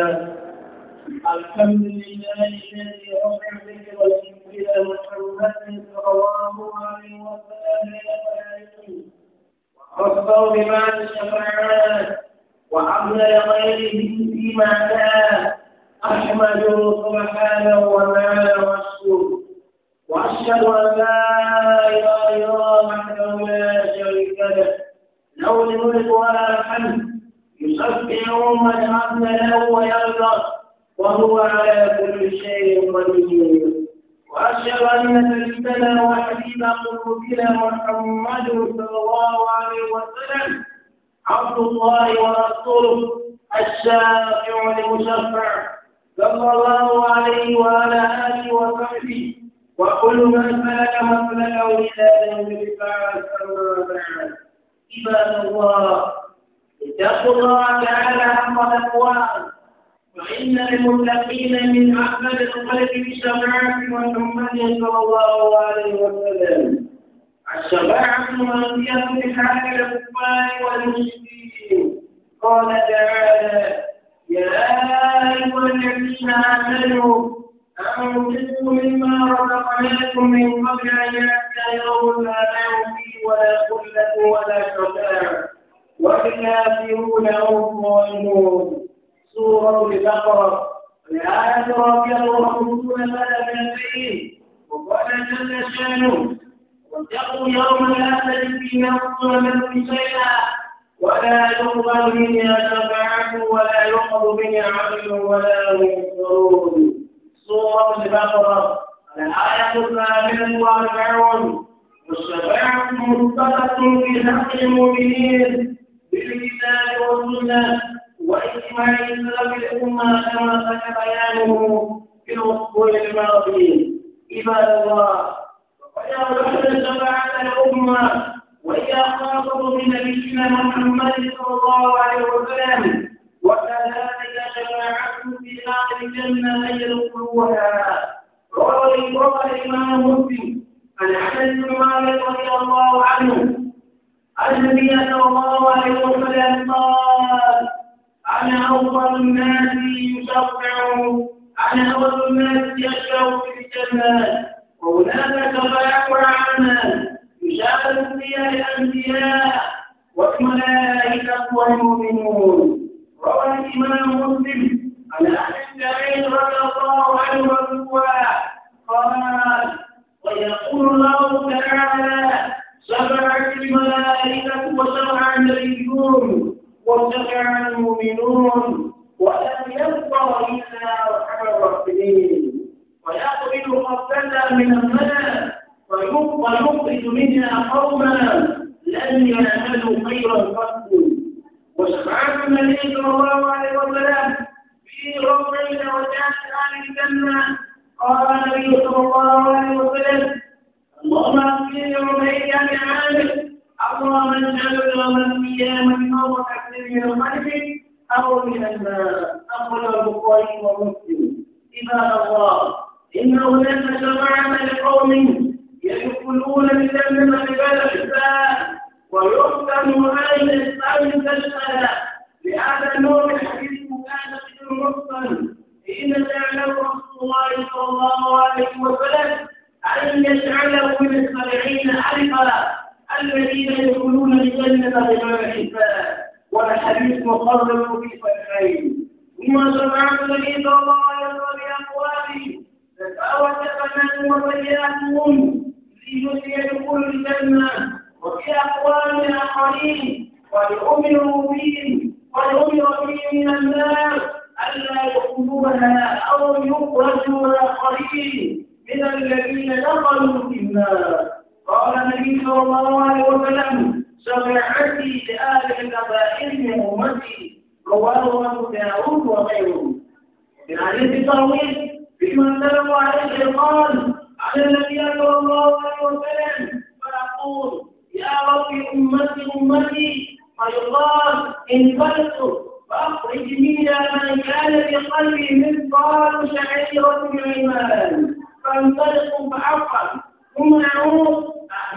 الحمد لله الذي رفع ذكر الى محمد صلى الله عليه وسلم وخصه بما الشفاعات وعمل غيره فيما كان احمده سبحانه وتعالى واشكره واشهد ان لا اله الا الله وحده لا شريك له له الملك ولا الحمد يسبح من عبد له ويرضى وهو على كل شيء قدير وأشهد أن سيدنا وحبيب قلوبنا محمد صلى الله عليه وسلم عبد الله ورسوله الشافع المشفع صلى الله عليه وعلى آله وصحبه وكل من فلك مسلكه إلى يوم البعث أما بعد عباد الله اتقوا الله تعالى حق تقواه وان للمتقين من أحمد الخلق بشفاعة محمد صلى الله عليه وسلم الشفاعة مؤتية بحال الكفار والمشركين قال تعالى يا أيها الذين آمنوا أنفقوا مما رزقناكم من قبل أن يأتي يوم لا بيع فيه ولا خلة ولا شفاعة والكافرون هم الظالمون سورة البقرة الآية رضي الله ثلاث البين وقال جل شانه واتقوا يوم لا تجد فيه نفس من شيئا ولا يقبل منها شفاعة ولا يقبل منها عدل ولا ينصرون سورة البقرة الآية الثامنة والأربعون والشفاعة مختصة في حق المؤمنين لله ورسوله واجتماع سلف الامه كما ذكر بيانه في الاسبوع الماضي عباد الله فقد رحل جماعه الامه واذا خاطبوا بنبينا محمد صلى الله عليه وسلم وكذلك جماعته في اهل الجنه ان يدخلوها روى الامام مسلم عن انس بن مالك رضي الله عنه عن النبي صلى الله عليه وسلم قال أنا أول الناس يشفع أنا أول الناس يشفع في الجنة وهناك تبايع عنا يشاهد فيها الأنبياء والملائكة والمؤمنون روى الإمام مسلم عن أهل سعيد رضي الله عنه مرفوعا قال ويقول الله تعالى سمعت الملائكة وسمع النبيون وسمع المؤمنون ولم يبقى إلا أرحم الراحمين ويأخذ قبلة من الملأ ويخرج منا قوما لن يعملوا خيرا قط وسمعت النبي صلى الله عليه وسلم في روضين وجاءت آل الجنة قال النبي صلى الله عليه وسلم اللهم اغفر لبيت بعامل اللهم اجعل يوم القيامة فوق تكبير من المغرب أو من الماء أخرجه البخاري ومسلم عباد الله إن هناك شفاعة لقوم يكفلون بذنب عباد الإسلام ويختم هذه الإسلام سلسلة لهذا نور الحديث مكانة المرسل حين جعله رسول الله صلى الله عليه وسلم أن يجعله من السبعين ألفا الذين يدخلون الجنة بغير حساب والحديث مقرر في صحيحين ثم سمعت النبي الله يرضى بأقواله تفاوت بنات وسيئاتهم جزء يدخل الجنة وفي أقوال آخرين قد أمروا بهم قد أمر بهم من النار ألا يدخلوها أو يخرجوا آخرين من الذين دخلوا في النار قال النبي صلى الله عليه وسلم سمعتي لآل الكبائر من أمتي رواه أبو داود وغيره من حديث طويل فيما سلم عليه قال على النبي صلى الله عليه وسلم فيقول يا رب أمتي أمتي فيقال فلت فأخرج منها من كان في قلبي مثقال شعيرة من إيمان فانطلقوا فأفعل ثم أعود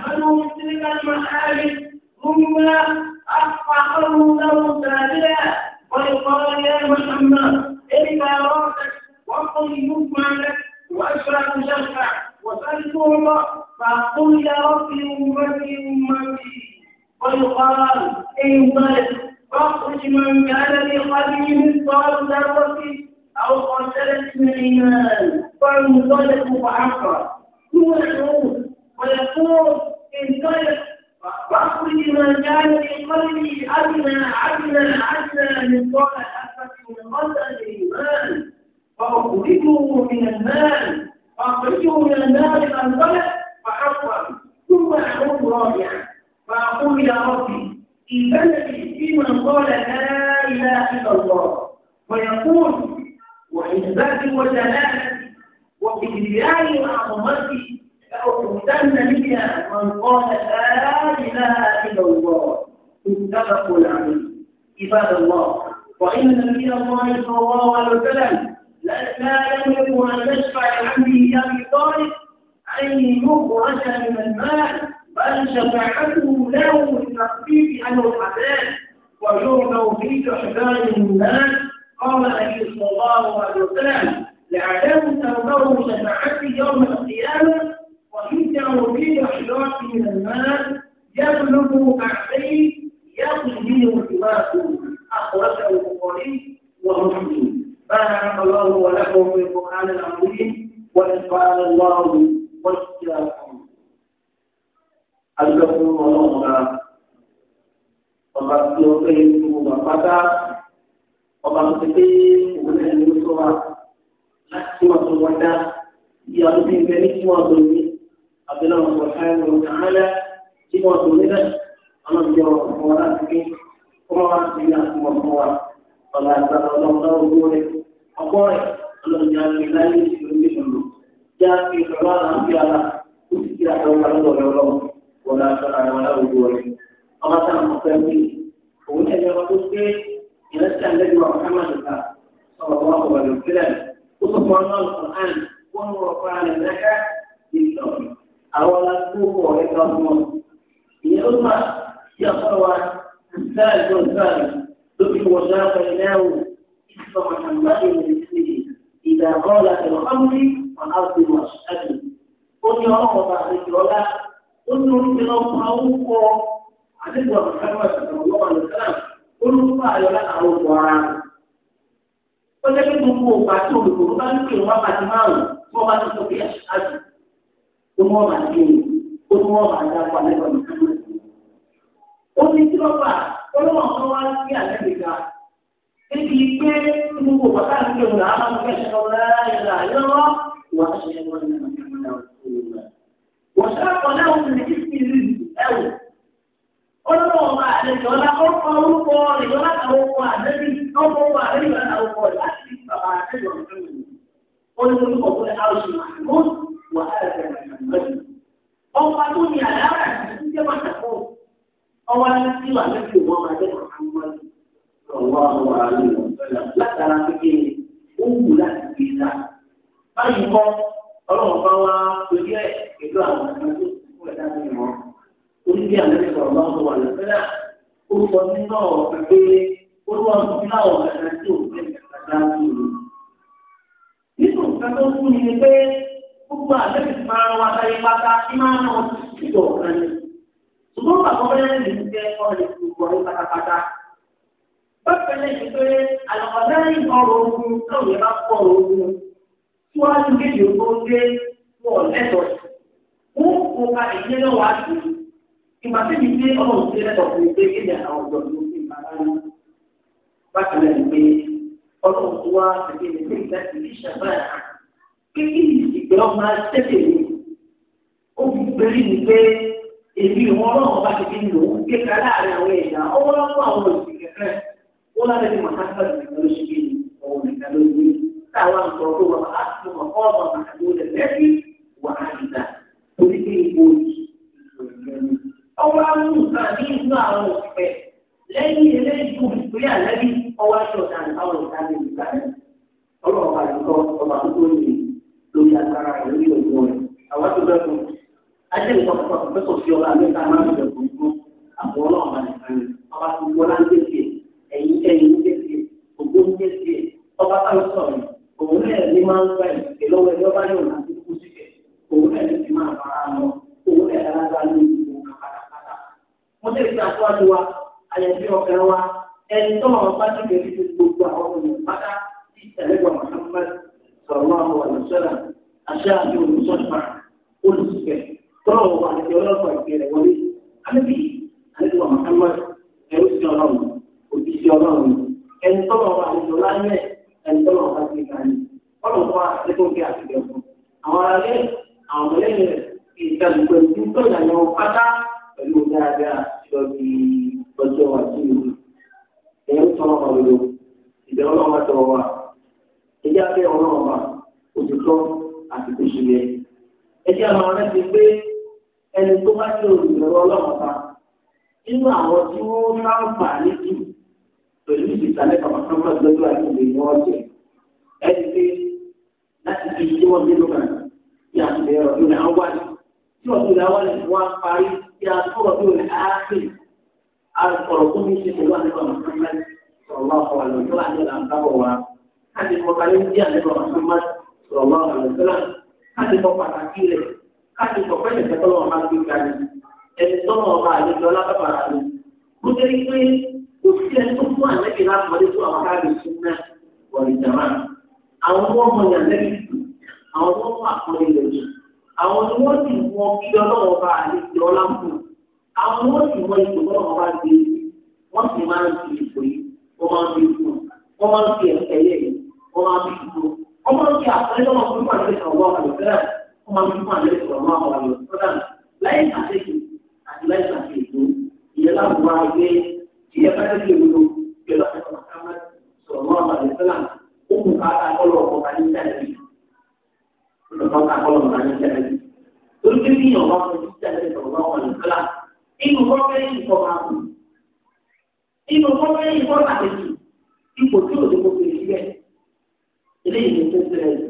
أعملوا في تلك المحارم ثم أصبحوا له سابلا ويقال يا محمد إذا راسك وقل يجمع لك وأشرك شرفك وسأل الله فقل يا ربي أمتي أمتي ويقال انطلق فاخرج من كان في قلبه مثقال ذرة أو قتلت من الإيمان فانطلقوا وعقرت هو يعود ويقول انطلق واخرج ما كان في قلبي أدنى أدنى أدنى من طول الأسد من قتل الإيمان فأخرجه من المال فأخرجه من المال فانطلق فحصل ثم أعود رابعا فأقول يا ربي إذا في من قال لا إله إلا الله ويقول وحسبات وجلاله وكبرياء وعظمته لأحسن بها من قال لا إله إلا الله متفق عليه عباد الله وإن نبي الله صلى الله عليه وسلم لا يملك أن يشفع لعبده أبي طالب أن يخرج من المال بل شفعته له لتخفيف عنه الحسان ويعلم في حسان الناس قال النبي صلى الله عليه وسلم لعدم تنظر شفاعتي يوم القيامة ويدعو في حراك من الماء يبلغ كعبيه يقلبه سواكم أخرجه البخاري ومسلم بارك الله ولكم في القرآن العظيم ونفعل الله واياكم. أجلكم الله ọba tí ó ọba tó ti pé ìwọlé ẹni ló sọ wa láti kí wọn tó wọn dá ìyá tó ti bẹ ní kí wọn tó ní àbẹlẹ wọn sọ ká ẹwọn kàmẹlẹ kí wọn tó ní náà àwọn ìjọ ọmọ wa láti pé kọ́mọ wa ti ní àti wọn fún wa ọ̀la ìgbàlá ọlọ́mọdé owó rẹ ọkọ rẹ ọlọ́mọdé àti láyé ìṣòro ní ìṣòro já fi ìṣòro àlàáfíà la ó sì kí àtàwọn ọlọ́dọ̀ rẹ ọlọ́mọ ọ̀la ìṣòro àwọn ọlọ́dọ̀ owó rẹ ọmọ táwọn ọ̀fẹ́ mi òun ẹ̀yẹ ọmọ tó gbé ìrántí àlejò Muhammadu ká sọ̀rọ̀ wọn kò wọlé òkèlè ó sọ fún ọlọ́run Quran wọn ń rọ̀ fún àlẹ́ náà ìlọ àwọn alágbóhùn ọ̀rẹ́ kan fún ọ. ìyẹn ló máa ṣe ọ̀pọ̀ wa sáà ìjọ sáà lóbi wọ̀ náà pẹ̀lú náà wò ìsọ̀ Muhammadu ìdá kọ́lá ẹ̀rọ ọ̀mùrí wọn á fi wọ̀ ṣáàbì. ó ní ọlọ́run bá àlejò ọlá ó ní orí olùkọ́ ayọ̀ lára àwọn òkú ara rẹ̀. ó jẹ́ kí gbogbo òkú àti olùkọ́ bá ń pè wọ́n àti márùn-ún tí wọ́n bá ti sọ pé ẹ̀ ṣáájú tó mọ́ ọ̀bà sí i ó tún mọ́ ọ̀bà sí apá lẹ́kọ̀ọ́ nìkan. ó ní tí wọ́n bá ọlọ́wọ́n kan wá sí àlẹ́ nìkan. níbi pé gbogbo òkú àti àlùkò ìwòrán á máa fẹ́ ṣọ́ láyà lọ́wọ́ wọ́n á ṣe ẹgbẹ́ wọn ní ọlọ́wọ́ àlejò ọlọ́kọ́ orúkọ ìlú látàwọn ọkọ̀ àlejò ọkọ̀ ọkọ̀ àlejò látàwọn ọkọ̀ láti fi bàbá àlejò ọ̀hún. ó ní orúkọ fún ẹ áwùsù àmọ́ wà á rẹ̀ lẹ́yìn. ọkọ̀ tó ní àlàáfà ti jẹ́ pàtàkó ọwọ́ tí wà lẹ́yìn ìwọ́n máa jẹ́ pàtàkó látara kékeré ó wù láti gbé e dá. báyìí kọ́ ọlọ́wọ́ bá wá pẹ̀lú ẹ̀ pẹ̀lú àwọn àgbẹ̀ tó kú ẹ̀ dá oníbi àlejò sọ̀rọ̀ náà tó wà lẹ́sẹ̀rẹ̀ ó sọ nínú ọ̀rọ̀ pé ó lọ́wọ́ tó fi láwọn ẹ̀ka tí ò fẹ́ ẹ̀ka dájú rẹ̀. nínú nǹkan tó kú ni pé gbogbo àlejò ti máa wá sáyé pátá kí máa ń wọn ti jọ ọ̀kan ni. ṣùgbọ́n bàbá bẹ́ẹ̀ ni ń jẹ́ ọ̀rẹ́ gbogbo ọ̀rẹ́ pátápátá. bákan náà ni pé àlọ́kọ̀dá ìgbàsẹ́mi pé ọmọ òṣèré lẹ́tọ̀ fún mi pé kéde àwọn ọ̀dọ́ ló fi bàbá yín bákan náà ni pé ọmọ òṣèré wa tẹ̀lé ní pé ìgbà tí ìṣe àbáyà kékeré ìgbẹ́ ọmọ tẹ́lẹ̀ mi ó fi gbẹ́rí ni pé èmi ìwọ náà bá ti fi lò ó kéka láàrin àwọn ẹ̀yà ọmọ ọlọ́pàá àwọn òṣèré kẹfẹ́ ó lára ní màkàtà ìgbà ló ṣe kí ọmọ ìgbà ló gbé táwọn ọwọ́ amú nǹkan ní inú àwọn òṣìṣẹ́ lẹ́yìn eléyìí kò fi pé àlẹ́bí ọwọ́ aṣọ ọ̀daràn àwọn ìdájọ́ ìgbà rẹ̀ ọlọ́ọ̀bà àdúgbò ọba àdúgbò yìí lórí agbára rẹ̀ lórí òògùn rẹ̀ àwọn tó bẹ́ẹ̀ fún ajé ìtọ́kọ̀ pẹ́kọ̀ sí ọba mẹ́ta máa ń bẹ̀ fún fún àbọ̀ ọlọ́ọ̀bà nìkan ọba tó wọlá ń tẹ̀sí ẹ̀yìn ẹ̀yìn tẹ̀sí ògbón tẹ̀sí ọba táwọn sọ̀rọ̀ òun náà ní máa wọ́n lè fi àkọ́jú wa àyẹ̀bí ọ̀kẹ́ wa ẹni tó máa bá ti bẹ̀rẹ̀ sí gbogbo àwọn ọmọ pátá sí ẹ̀lẹ́gbọ̀n Muhammad sọ̀rọ̀ àwọn àlùsọ́là àṣà àti olùsọ́nà olùsùkẹ́ tọ́lọ̀ wà àti ọlọ́pàá ìgbẹ̀rẹ̀ wọlé alẹ́bí àlẹ́gbọ̀n Muhammad ẹ̀rú sí ọlọ́run òbí sí ọlọ́run ẹni tó máa bá àlùsọ láyé ẹni tó máa bá ti kàní ọlọ́pàá àtẹ́kọ̀ọ́kẹ́ àti pẹ̀lú dáadáa lọ bí ọjọ́ àti ìlú. Ẹ̀yẹ́ ń tọrọ ọ̀rọ̀ lò, ìdá ọlọ́wà tọrọ wa. Ẹjẹ́ abẹ́ ọlọ́wà òtítọ́ àti kòṣìlẹ̀. Ẹjẹ́ àwọn ọ̀rẹ́ ti pé ẹni tó bá ní olùdọ̀rọ̀ ọlọ́wà nínú àwọn tí wọ́n sáǹfà níjù pẹ̀lú ìsìtàlẹ̀ kàmọ́tàn máa gbẹ́dọ̀ àti ìwé ni wọ́n jẹ. Ẹni pé láti fi ìdíwọ́ nínú kan ní àtúnyẹ̀rọ̀ nínú àwọn wáyé tí ọ̀sùn ìlà wọn lè wá parí tí a sọ̀rọ̀ bí òun àáké a sọ̀rọ̀ tó ní ṣe pẹ̀lú àlejò Muhammad sọ̀rọ̀ wá ọ̀wà lọ tó àjọ là ń bá wọ̀ wá káàdì mọ balẹ̀ ń dí àlejò Muhammad sọ̀rọ̀ wá ọ̀wà lọ tó là káàdì mọ pàtàkì rẹ̀ káàdì mọ pẹ́lẹ̀ tẹ́tọ́ lọ́wọ́ máa gbé ga ni ẹni tọ́nà ọba àwọn ni wọ́n sì wọ́n kí ọlọ́wọ́ bá àlejò ọlá ń bò àwọn ni wọ́n sì wọ́n ipò ọlọ́wọ́ bá gbé wọ́n sì máa ń fi ipò yìí wọ́n máa ń fi ipò wọ́n máa ń fi ẹ̀kẹ́ yẹ̀ yìí wọ́n máa ń fi ipò wọ́n máa ń fi àpẹẹrẹ lọ́wọ́ fún pàṣẹ ìṣàwọ́ àlùfẹ́rẹ́ wọ́n máa ń fi pàṣẹ ìṣàwọ́ àlùfẹ́rẹ́ láì sàṣèjì àti láì sàṣèjì ìyẹn láwùjọ àgbẹ̀ ìyẹn bá tẹ̀lé ìwúlò ìjọba ìṣàwọ́ àlùfẹ́rẹ́ torí bí ìyàn wọn fojú sí ẹsẹ̀ tó wọn wọn nìkan láti inú gọ́ọ̀mẹ́ntì kọ́ máa kú inú gọ́ọ̀mẹ́ntì kọ́ máa kejì ipò tí òde kò fi síbẹ̀ eléyìí ló tẹ́tẹ́ rẹ̀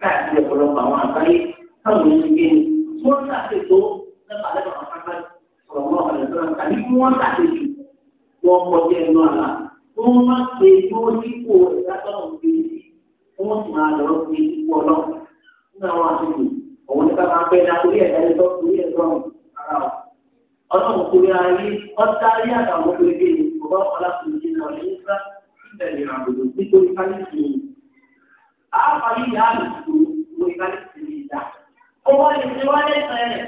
káàkiri ọ̀pọ̀lọpọ̀ àwọn àgbáyé káwọn ènìyàn gbé ni tí wọ́n ṣàṣètò nípa lẹ́nu àwọn àgbáyé ọ̀rọ̀ wọn ọ̀rẹ́ tó ń tàbí kí wọ́n ṣàṣètò wọn kọjá ẹnu àlà wọ́n máa pe lórí ipò ìdásọ́nà òfin wọ́n sì máa lọ́ọ́ fi ipò ọlọ́run ní àwọn àṣejù òun ní bàbá pé nàkúrí ẹ̀dá lè tọ́ kúrí ẹ̀ lọ́rùn ara ọ̀. ọlọ́run kúrí ayé ọ̀tá ayé àtàwọn olóògbé ni ọba ọ̀làkùnrin jìnnà ọ̀lẹ́ nígbà ìbẹ̀rẹ̀ àbòdò nítorí káyọ̀tì ni. àáfà yìí yà á lè tó lórí káyọ̀tì ni ìdá. ó wá lè ṣe wá lẹ́sẹ̀ rẹ̀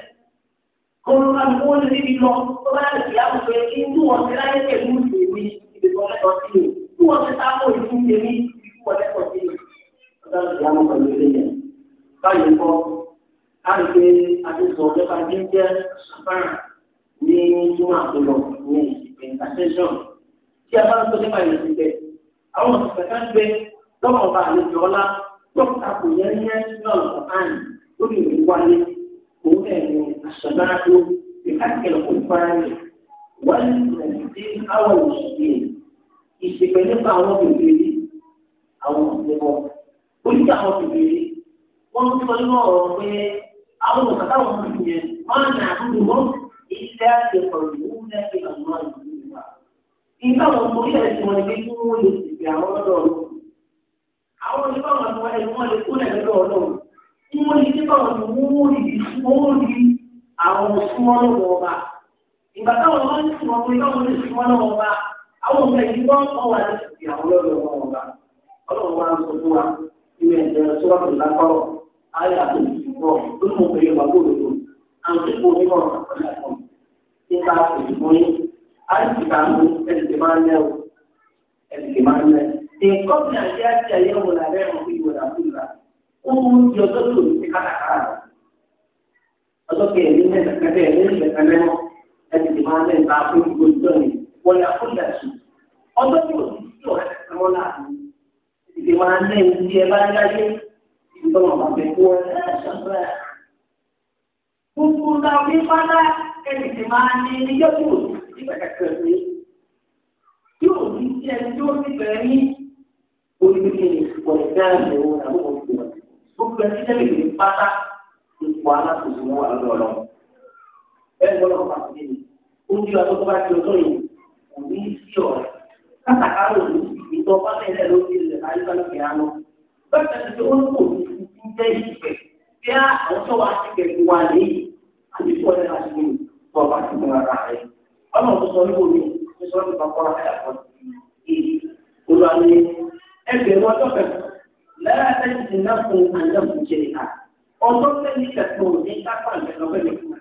kó ló ká ló lè rí lọ tó bá yà ìyá òfin kí mú wọn ti láyé pẹ̀lú ìwé ìdìbò lẹ́tọ̀ọ́ sí i mú wọn ti sáfò ìfún tèmi ìfún wọn lẹ́tọ̀ọ́ sí i. ọ̀dọ́ ìyá mọ̀ pẹ̀lú ilé yẹn báyìí ń bọ́ àìpé àtúntò nípa jíjẹ́ sàfáà ní túmọ̀ àtúntò ní ìsìnkú intercession. Tí a bá ń sọ nípa ìsìnkú, àwọn òṣìṣẹ́ kan gbé lọ́wọ́ ọba àlejò ọlá dókítà kò yẹ ní national ọ̀hán lórí ìwé wáyé òun náà ní àṣàdáàdó ìkàkẹ́ òkú fáyé wọ́n ní ti àwọn òṣìṣẹ́ ìsìnkú nípa àwọn bèbèrè àwọn òṣìṣẹ́ wọn. Oníṣẹ́ àwọn bèbèrè wọ́n ń sọ nínú ọ̀rọ̀ pé àwọn òkàtà wọn mọ̀ ní yẹn wọn nà àdúgbò wọn ilé àti ọ̀rọ̀ ìwú náà ti hàn wọn àdúgbò wa. ìgbà wọn mọ ilé ẹ̀sìn wọn níbi tí wọn lè tètè àwọn lọ́dọ̀ ọ̀rọ̀. àwọn onígbà wọn mọ ẹni wọn lè kó náà lọ́dọ̀ ọ̀rọ̀. tí wọ́n lè nígbà wọn ni wọ́n rí wọ́n rí àwọn súnmọ́ lọ́wọ́ ọba. ìgbà táwọn wọn ti mọ pé káwọn lè súnmọ́ lọ́wọ́ ọba àwọn ọmọ ẹ̀yìn wọn kọ́ wa lè tètè àwọn lọ́dọ̀ ọba. ọlọ́run wa sọ wrong. Those who pray about good and people who are not in that way, money, and the bamboo, and the man, and the man. In company, I get the young one, I never see what I do that. Who you go to the Katakara? Ọlọ́kẹ́ ẹ̀mí mẹ́ta kẹ́tẹ́ ẹ̀mí ìṣẹ̀kẹ́ mẹ́mọ́ ẹ̀mí ti máa ń lẹ́yìn bá fún ìjọ ni wọ́n yà fún Ọjọ́ tí òṣìṣẹ́ ọ̀rẹ́ ẹ̀mọ́ láàrin máa ń lẹ́yìn tọ́lọ̀ máa fi kú ẹ. Gbogbo ta omi pátá ẹni tí máa ní níjọ́ tí ò sí nígbà kẹ̀kẹ́ sí. Tí ò ní sí ẹni tí ó ti bẹ̀rẹ̀ ní oníbíkẹ́ ìpọ̀lẹ̀ dáàbò òun àbúkọ̀ ìpínlẹ̀. Gbogbo ẹni tẹ́lẹ̀ ìlú pátá ipò alákòóso wà lọ́lọ́. Bẹ́ẹ̀ni wọ́n lọ́kọ̀ pàṣẹ mi. Ó ń tó bá ti ọjọ́ yìí kò ní sí ọ̀rẹ́. Kátàkárò ní ìtọ́ pátá ilẹ̀ ló ti jẹ́ ìgbẹ́ bí a ọ̀tọ́ wa ti gbẹ̀gbẹ̀ wa lè àti fún ọ̀rẹ́ láti gbé tó ọba ti mú ara rẹ̀. ọlọ́run tó sọ níbo mi tó sọ nípa kọ́ra ẹ̀ àkọ́ olùwàlẹ́ ẹgbẹ̀rún ọjọ́ kẹfù lára ẹni tí náà fún àjọ ìjẹ ìhà ọjọ́ tẹ́lẹ̀ kẹfù ní kápá ìgbẹ́lọ́gbẹ́lẹ́ fún wa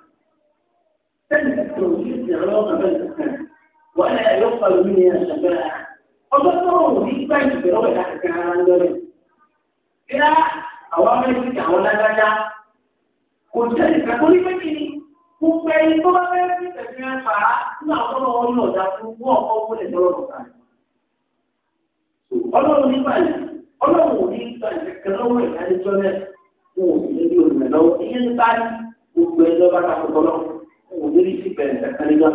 tẹ́lẹ̀ kẹfù ní ìgbẹ́lọ́gbẹ́lẹ́ fún wa wọ́n yà yọ pàlú ní ẹ̀ṣẹ̀gbẹ́ra ọjọ́ tó wù ní gbà ìgbẹ́lọ́gbẹ́lẹ́ àwọn mẹ́sìkì àwọn lágbájá kò jẹ́ ìfẹ́ kó ní méjì ni gbogbo ẹni tó bá fẹ́ fi tẹ̀sí ẹ fà á nínú àwọn ọlọ́wọ́ ní ọ̀dà fún wọ́n ọkọ̀ owó lè lọ́rọ̀ lọ́ta rẹ̀. ọlọ́run ní báyìí ọlọ́run ò ní gba ìfẹ̀kẹ́ lọ́wọ́ ìdájọ́ náà wọn ò sì ní bí olùmẹ̀ lọ́wọ́ ìyẹn ní báyìí gbogbo ẹni ọba ta kọ́kọ́ lọ wọn ní rí sí bẹ̀rẹ̀ nígbà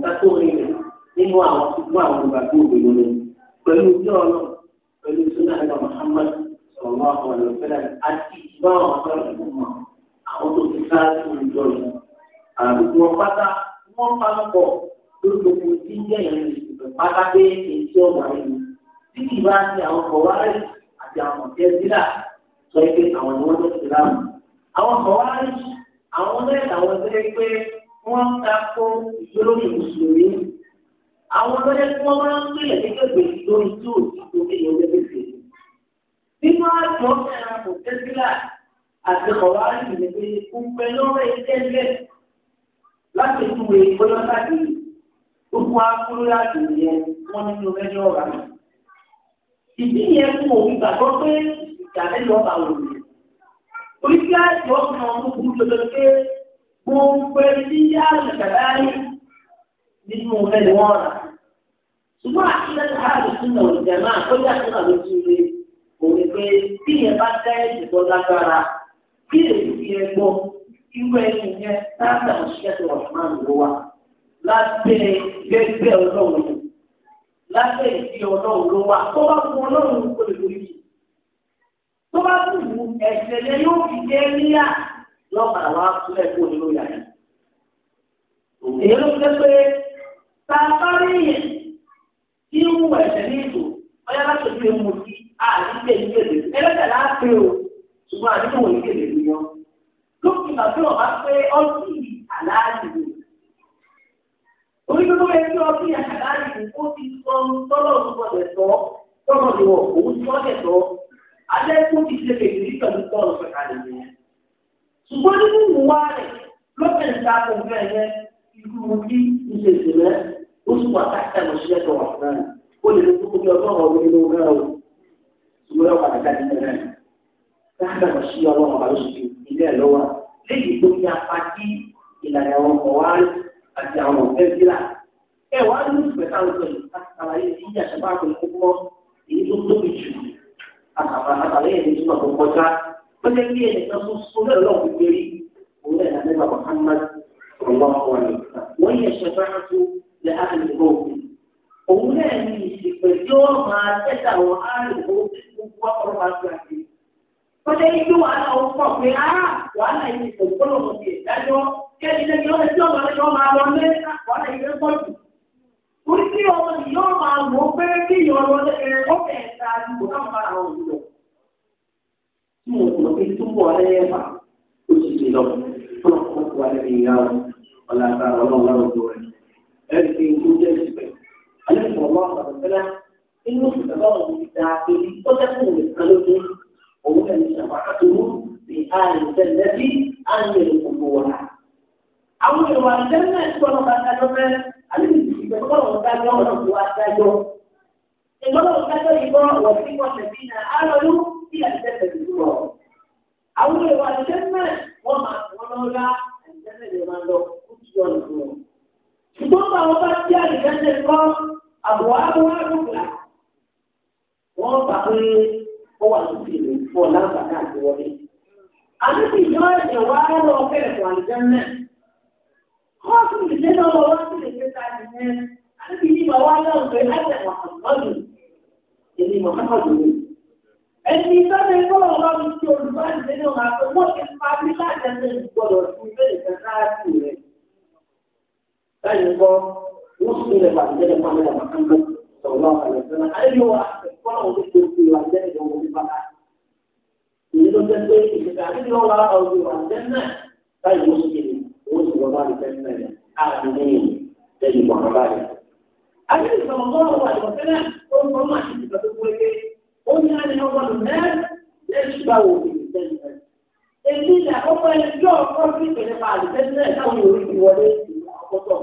nǹkan tó rinlẹ̀ nínú àwọn fún àwọn olùgbàgbọ́ òdodo ni pẹ̀lú ilé ọlọ́ pẹ̀lú sunna ẹ̀ka Muhammad sọ̀rọ̀ àwọn ọ̀lọ́fẹ́lá àti ìgbà àwọn akọ́rọ̀ ìgbìmọ̀ àwọn tó ti sáájú ìjọ yìí àdúgbò pátá wọ́n bá ń bọ̀ lójoojú tí ń jẹ́ ìrìn ìgbìmọ̀ pátá pé èyí tí ó wà nínú tí kì í bá ti àwọn kọ̀wárì àti àwọn kẹ́sílà sọ pé àwọn ni wọ́n tó ti láàmú àwọn kọ̀wárì àwọn mẹ́ta wọn tẹ́lẹ̀ pé wọ́n ń takò lórí mùsùlùmí. Àwọn ọlọ́yẹ tí wọ́n máa ń gbìyànjú kékeré lórí tó òtítọ́ èèyàn lẹ́gbẹ̀ẹ́. Nínú àjọ ẹran kò tẹ́sílà àti ọ̀rọ̀ àyè ní pé gbogbo ẹ lọ́rọ̀ ẹgbẹ́ ẹgbẹ́ láti túwe ọlọ́sàdì gbogbo akúrú láti yẹn wọ́n nínú mẹ́jọ ọ̀rá. Ìdí yẹn fún òun gbàgbọ́ pé ìjà mẹ́lọ́ọ̀bà òun. Orí kí àjọ ọ̀nà ọ̀hún kúrú lọ́dọ̀ pé gbogbo ẹni yá àgbàláyé nínú ẹni wọn rà ṣùgbọ́n àtúntẹ̀ káàdì sínú ìjẹ̀ náà ó yà sínú àwọn ojú rẹ̀ òun pé bí yẹn bá dá ìdìbò lágbára bí èyí fi ẹ gbọ́ irú ẹni yẹn táàtà òṣìṣẹ́ tó wà fún àlùkò wa lábẹ́ gbẹgbẹ́ ọlọ́run lábẹ́ ìdí ọlọ́run ló wà tó bá fún ọlọ́run kó lè lórí tó bá fún ẹ̀sẹ̀ lẹ́yìn òfin níyà yóò padà wá sílẹ̀ kó nínú ìyá yẹn. èyí ló fi pé ta bá rí yẹn tí ń wọ ẹ̀sẹ̀ ní ìlú ọyá láti fi mu sí àdúgbò ní kéde ẹlẹ́sẹ̀ láti o ṣùgbọ́n àdúgbò wò ní kéde ní yọ. lókè bàbá ọba pé ọtí àlàájì ni onídọ́dọ́ yẹn tí ọtí àlàájì ni ó ti sọ tọ́lọ́ òṣùpọ̀lẹ̀ sọ tọ́lọ́ ìwọ̀ òun tí wọ́n tẹ̀ sọ alẹ́ kó ti ṣe kéde ní pẹ̀lú tọ́lọ́ pẹ̀lú ṣùgbọ́n nínú ìwà rẹ̀ lọ́sẹ̀ ń ta ọ̀gbẹ́ yẹ irú bí ìṣèṣì rẹ̀ ó sì wà káàkiri àwọn òṣìṣẹ́ tó wà fún ẹ̀ ó lè tó kó bí ọlọ́run ọ̀gbìn nínú náà o ṣùgbọ́n yóò padà jáde nílẹ̀ káàkiri àwọn òṣìṣẹ́ ọlọ́run ọ̀gbà lóṣù ilé ẹ̀ lọ́wọ́ léyìí tó ní apá kí ìlànà àwọn ọkọ̀ wá àti àwọn ọ̀fẹ́ sílà ẹ wá ní ìgbẹ́ta ọ̀sẹ̀ àtàlàyé tí ìyàṣẹ́ bá kọ̀ ó lé ní ẹnìkan tó sún lọ́dọ̀ lọ́wọ́ kékeré òun náà nàbẹ́ bàbá Muhammad ọ̀wá ọ̀wá ni wọ́n yẹ ṣẹ̀fáà tó lẹ́ àlè bọ́ọ̀lù òun náà ní ìsìnkú ẹjọ́ máa tẹ́tà àwọn àlè gbogbo ọ̀rọ̀ máa gbà sí. Kọ́jọ́ yìí wàhálà ó pọ̀ pé á wàhálà yìí kò gbọ́dọ̀ mọ̀ sí ìdájọ́ kẹ́ni lẹ́yìn ọ̀rẹ́ tí ọ̀gá tí ọmọ máa lọ tí mo kùnà pé tó bọ̀ ẹ́ fà ó ti ṣe lọ fún ọkọ̀ tó wà lẹ́yìn ìyá wọn ọ̀làgbà ọlọ́run lọ́rùn tó rẹ̀ ẹ̀rí pé ó jẹ́ ìṣẹ̀lẹ̀ alẹ́ ìfọwọ́ àgbàdàgbẹ́lá inú ìṣẹ̀lẹ̀ ọ̀hún ti da torí ó dẹ́kun nìkan ló dé òun ẹ̀ ní ṣàpàkàtúrú ní àìsẹ̀lẹ́bí àìyẹ̀ gbogbo wa. àwọn ìwà ìdẹ́rẹ́ ìfọwọ́ àgbàdàgbẹ́ alẹ́ ìfọwọ́ àgbàdàgbẹ́ ọ̀nà tó wá dájọ́ ìgbọ́dọ̀ bí àtẹ́tẹ̀ ti lọ. Àwọn èrò àtẹ́tẹ̀ wọ́n máa fi wọ́n lọ́ra àtẹ́tẹ̀ lè máa lọ kútu ọ̀nà lọ. Ṣùgbọ́n báwọn bá tí àtẹ́tẹ̀ kọ́ àbọ̀ àbúrò wọ́n gbà pé ó wà lókè lè fọ́ láǹfààní àti wọlé. Àbí kì í yọ ẹ̀jẹ̀ wá lọ́wọ́ ọ̀fẹ́ ẹ̀fọ́ àlùjẹ́mẹ̀. Kọ́ọ̀tù ìdílé náà lọ wá sí ìgbésà ìyẹn. Àbí kì í yí bàwá lọ́wọ́ pé láti ẹ̀wọ̀n àtọ́jú. Èmi mọ̀ káfọ́ ìdòwò ẹni sábẹ́ kọ́lọ̀ wá mi ti olùbáṣẹ́ nínú àpò wọ́n ti pa mí láti ẹsẹ̀ ìgbọ́dọ̀ sí ilé ìfẹ́ká sí rẹ̀. Báyìí kọ́ wọ́n sì ń lè pàdé jẹ́jẹ́ pàmò ìyàwó kankan sọ̀rọ̀ náà àlẹ́ sẹ́nà. Ayé wa kọ́lọ̀ wọn ti ti ìwà jẹ́ ìjọba ti bá Ìyẹn ló jẹ́ pé ìṣẹ̀dá nínú wa ọ̀rọ̀ ìwà jẹ́ náà. Báyìí wọ́n sì ó ní àná ọgbọ̀n mẹ́rin lẹ́yìn ìgbà wo ìgbẹ́ni rẹ̀. èmi ìjà ọkọ̀ ẹni tí ọkọ̀ sí ìpínlẹ̀ pa àdìsẹ́sí náà táwọn yòó ti wọlé ìgbà ọkọ̀tọ̀.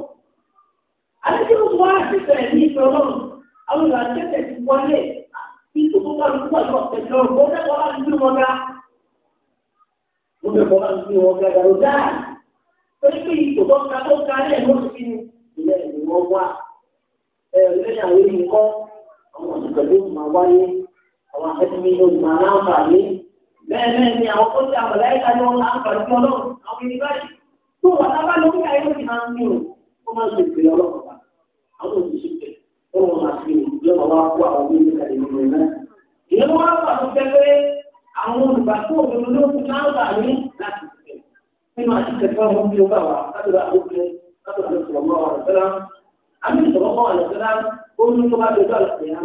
àdìsẹ́ tó wá àdìsẹ́ ní ìfẹ́ ọlọ́run àwọn ìlànà tẹ́tẹ̀ ti wọlé títí tó wà lóko àti ọ̀sẹ̀ lọ kó fẹ́kọ̀ọ́ láti bí wọn ga. ó fẹ́kọ̀ọ́ láti bí wọn ga gàdó dáa. torí pé ipò tó ka tó ka ẹ̀ lóṣù kí ni ilẹ̀ ìwọ̀n wà. ẹ̀ẹ́dẹ́gbẹ̀rún àwọn ènìyàn kọ́ àwọn ọ̀sẹ̀ pẹ̀lú màá wáyé àwọn akẹ́kọ̀ọ́ yóò máa láǹfààní bẹ́ẹ̀ bẹ́ẹ̀ ni àwọn tó ti àmọ̀lá ẹ̀ka ni wọ́n láǹfààní fún ọlọ́run àwọn ibi báyìí tó wà lábá lórí ayé ó ti máa ń mí o ó máa ń ṣe ìpè ọlọ́run wa àwọn òṣìṣẹ́ pẹ̀ ó wọ́n máa fi ìjọba wa kó àwọn oníṣẹ́ ìkàlẹ̀ nínú ẹ̀ náà ìyẹn wọ́n á pàṣẹ pé pé àwọn olùgbàgbọ́ òdodo ló fi láǹfààní láti ṣe nínú àṣìṣe fún ọmọ bí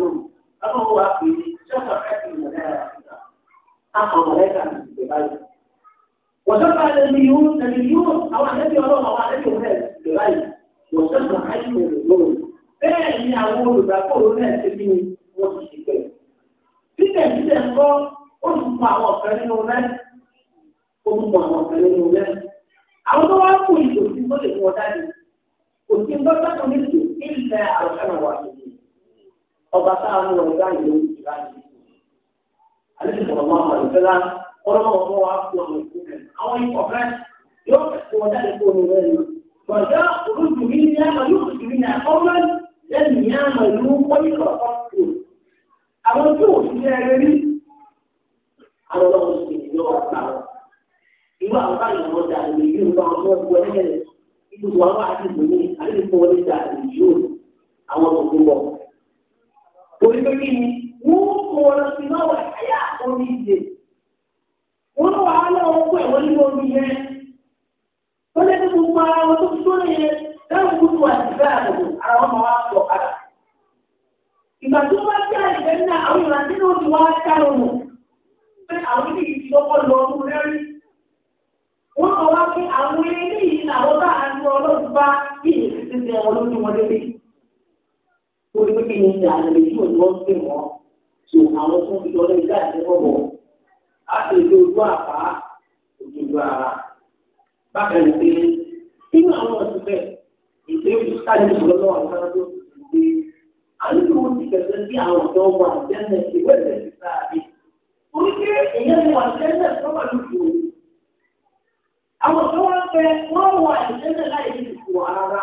ó Àwọn ọmọ wa pè é ṣẹ́fà káàkiri wọn náírà síta. Àwọn ọmọ ẹ̀ka ní ìgbé báyìí. Wọ̀sẹ̀fà ẹni yóò ẹni yóò àwọn àlejò ọlọ́run àwọn àlejò náà ìgbé báyìí. Wọ̀sẹ̀fà káàkiri olùdóòrò. Bẹ́ẹ̀ ni àwọn olùgbàgbọ́ òun náà ti bí wọ́n ti ṣe pẹ̀lú. Títẹ̀ títẹ̀ ń kọ́ ó ti mú àwọn ọ̀fẹ́ nínú rẹ̀. Ó ti mú àwọn ọ̀fẹ́ nínú rẹ̀. Àwọn tó wá kú ìtòsí tó lè mú ọ ń bọ́ sọ́kàn nílùú ilẹ̀ àrùn ọba sáànù ọ̀gá ìlú ìlà yìí. Àlejò sọ̀rọ̀ mọ́ àwọn àlùfẹ́lá ọlọ́wọ́ ọmọ wa fún ọmọ ìlú rẹ̀. Àwọn ikọ̀ fẹ́ yóò fẹ̀sùn wọn jáde fún omi rẹ̀ ni. Gbọ̀dọ̀ olójú mi ní àmà yóò fi mi nà ọmọ lẹ́nu ní àmà ìlú wọ́nyíkọ̀ ọ̀kọ̀. Àwọn tí ò sí ẹrẹ rí. Àwọn ọlọ́wọ́ sì ní ìjọba àwọn báyìí wọn bọ̀ torí pé kí ni wọ́n mú ọ lọ sí náà wà láyà omi ìdè wọ́n wà á lọ ọkọ ẹ̀ wọ́n nínú omi yẹn wọ́n lé ní gbogbo ara wọn tó fi tó lè yẹ lẹ́yìn gbogbo àtìgbà àgbègbè ara wọn máa wá sọ padà ìgbà tó bá jẹ́ àìsàn náà àwọn ìrántí náà ti wá ká lọ́nà pé àwọn ilé yìí lọ́kọ́ lọ ọdún rẹ́rí. Wọ́n kọ̀ wá pé àwọn ilé yìí làwọn bá àti ọlọ́run bá bí ìrètí ti ó ní kí ni ìlànà èyí ò ní wọ́n pè tó àwọn tó ń fi lọ́lẹ́ ìdá ìdẹ́wọ̀ bọ̀ á sì lè ojú àbá òjòjú ara bákan ní pé nínú àwọn ọ̀sùn bẹ́ẹ̀ ìdè ìsáyé ìṣòro náà wà lọ́wọ́ tó ti di àlùkò ti kẹsẹ̀ sí àwọn ọ̀dọ́ wa jẹ́nẹ̀ ti sáàbí. orí pé èèyàn wà fẹ́ wọ́n wà jẹ́nẹ̀ láì ní ìfò rárá.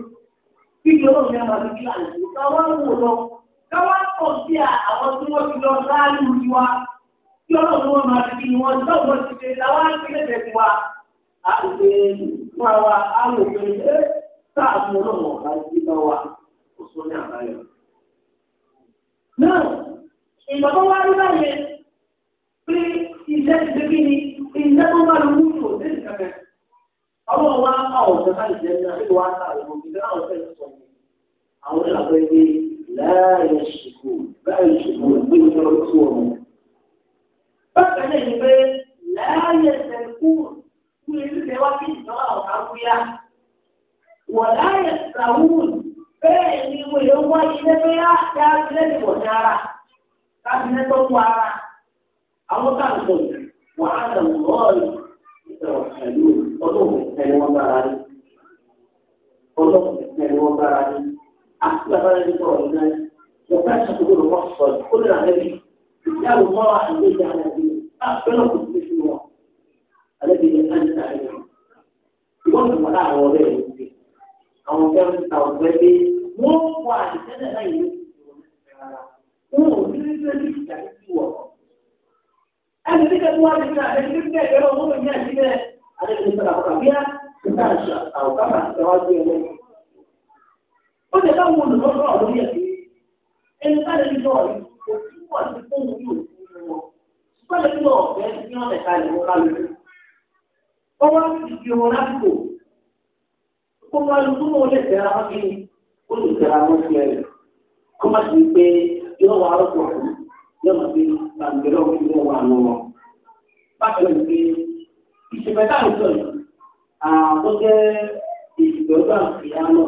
kíkì ọlọ́run yẹn máa fi kí àlejò káwá wò lọ káwá pọ̀ sí àwọn tí wọ́n ti lọ sáájú wa kí ọlọ́run wọn máa fi kí ni wọ́n tó wọ́n ti ṣe láwá kílẹ̀tẹ̀ fún wa. a ti ṣe fún wa a wò pé ẹ sáà fún ọlọ́run ọ̀gá bá wa kó sọ ní àbáyọ. náà ìgbàgbọ́ àwọn wa ká ọ̀sẹ̀ láì jẹ́ ní àbí wa ká àwọn òbí náà ọ̀sẹ̀ sọ ni àwọn ìlànà ẹgbẹ́ láàyè ṣìkò láàyè ṣìkò ẹgbẹ́ ìjọ ojú ọ̀run. bákan náà ni pé láàyè sẹ́kù fún ilé ìfẹ́ wá sí ìjọba ọ̀gá fúyà wọ̀ láàyè sàwùn bẹ́ẹ̀ ni mo lè wá ilé pé á dá ilé ìwọ̀ ní ara kábínẹ́tọ̀ fún ara àwọn káàkiri wàhálà wọ́ọ̀lù pẹ̀lú ọlọ́run ẹni wọ́n bára ní. ọlọ́run ẹni wọ́n bára ní. àti àbára ẹni sọ̀rọ̀ ní náà wọ́n bá ṣàkóso ló wọ́n sọ̀rọ̀ ó lè ràlẹ́ bí yàrá wọn wà ní ìjà rẹ̀ bí a fẹ́ràn kò sí fún wọn. alẹ́ bí yẹn هذا ذكر واجب هذا ذكر كما هو من الناس كده هذا اللي طلع فيها كتاش او كما تواجه يوم وده كان من الغرفه دي ان كان اللي جوه هو بيكون Sọ́lá ní ọ̀fẹ́ ní ọ̀nà ìkàlẹ̀ mú kálukú. Ó wá ti di wọn lásìkò. Kó máa lu tó wọn lè tẹ̀ra wọn kí ó lè tẹ̀ra wọn sí ẹ̀rẹ̀. Kó má sì pé yóò wá ọkọ̀ yóò máa fi gbàgbé lọ́wọ́ sí wọn wà bákan náà pé ìṣẹ̀fẹ̀ tá à ń sọ yìí àwọn jẹ́ ìṣèjọba ìyá náà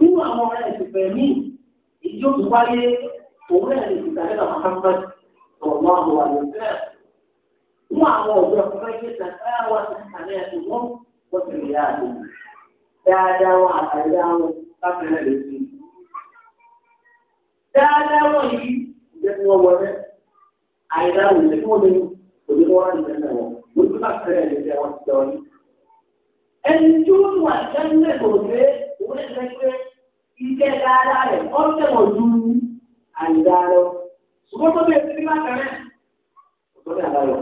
nínú àwọn ọ̀rẹ́ ìṣẹ̀fẹ̀ míì ìjọ tó wáyé òun náà lè ṣètà nípa Muhammad ọ̀gbọ́n àwọn àlùfẹ́ fún àwọn ọ̀dọ́ ọ̀fẹ́ ṣẹ̀ṣẹ̀ wá sí àlẹ́ ẹ̀sìn wọn wọ́n ti rí àdó dáadáa wọn àtàlẹ́ àwọn bákan náà lè ṣe dáadáa wọn yìí ìjẹ́ tí wọ́n wọlé àìdáwò ìjẹ́ tí wọ́n lè yìí wọ́n rán ìjẹ́ náà wọ́n lójú bá fẹ́rẹ̀ lè fẹ́ wọn ti jọ ní. ẹni tí ó wà jẹ́ńdẹ̀ kò gbé òun ẹ̀ fẹ́ pé iṣẹ́ dáadáa rẹ̀ ọ́ tẹ̀wọ̀n ju àyíká lọ. ṣùgbọ́n tó bẹ̀rẹ̀ sí bá fẹ́rẹ̀ ọ̀tọ́ni àbáyọ.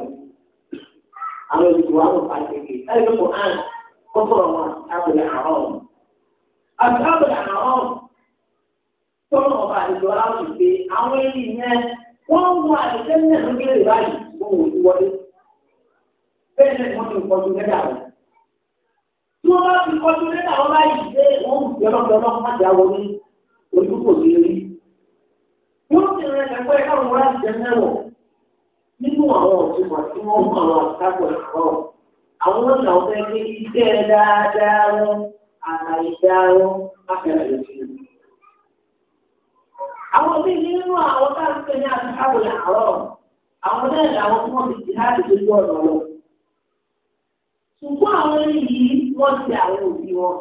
àwọn olùkọ́ wa lọ pàṣẹ kì í sáré lóko àn kọ́kọ́rọ̀ wọn àbẹ̀lẹ̀ àrọ́ọ̀mù. àbẹ̀lẹ̀ àrọ́ọ̀mù tọ́lọ̀ ọba àdìgbò aláwọ̀ ìgbé àwọn ẹni yẹn wọ́n wọ àdìgbò náà lókè lè báyìí. òun ti wọlé bẹ́ẹ̀ náà wọ́n ti ń kọjú lẹ́dà rẹ̀ tí wọ́n bá ti kọjú lẹ́dà wọn báyìí ṣe wọ́n ń fi ọlọ́pàá ọlọ́pàá wọlé ojú kò rí jẹ mẹ́wọ̀ nínú àwọn tí wọ́n mú àwọn àtàkùn ẹ̀kọ́ àwọn iṣẹ́ dáadáa wọn wọn àwọn nínú àwọn àwọn náà làwọn tí wọ́n ti ti láti lójú ọ̀nà lọ. ṣùgbọ́n àwọn yìí wọ́n ti àwọn òbí wọn.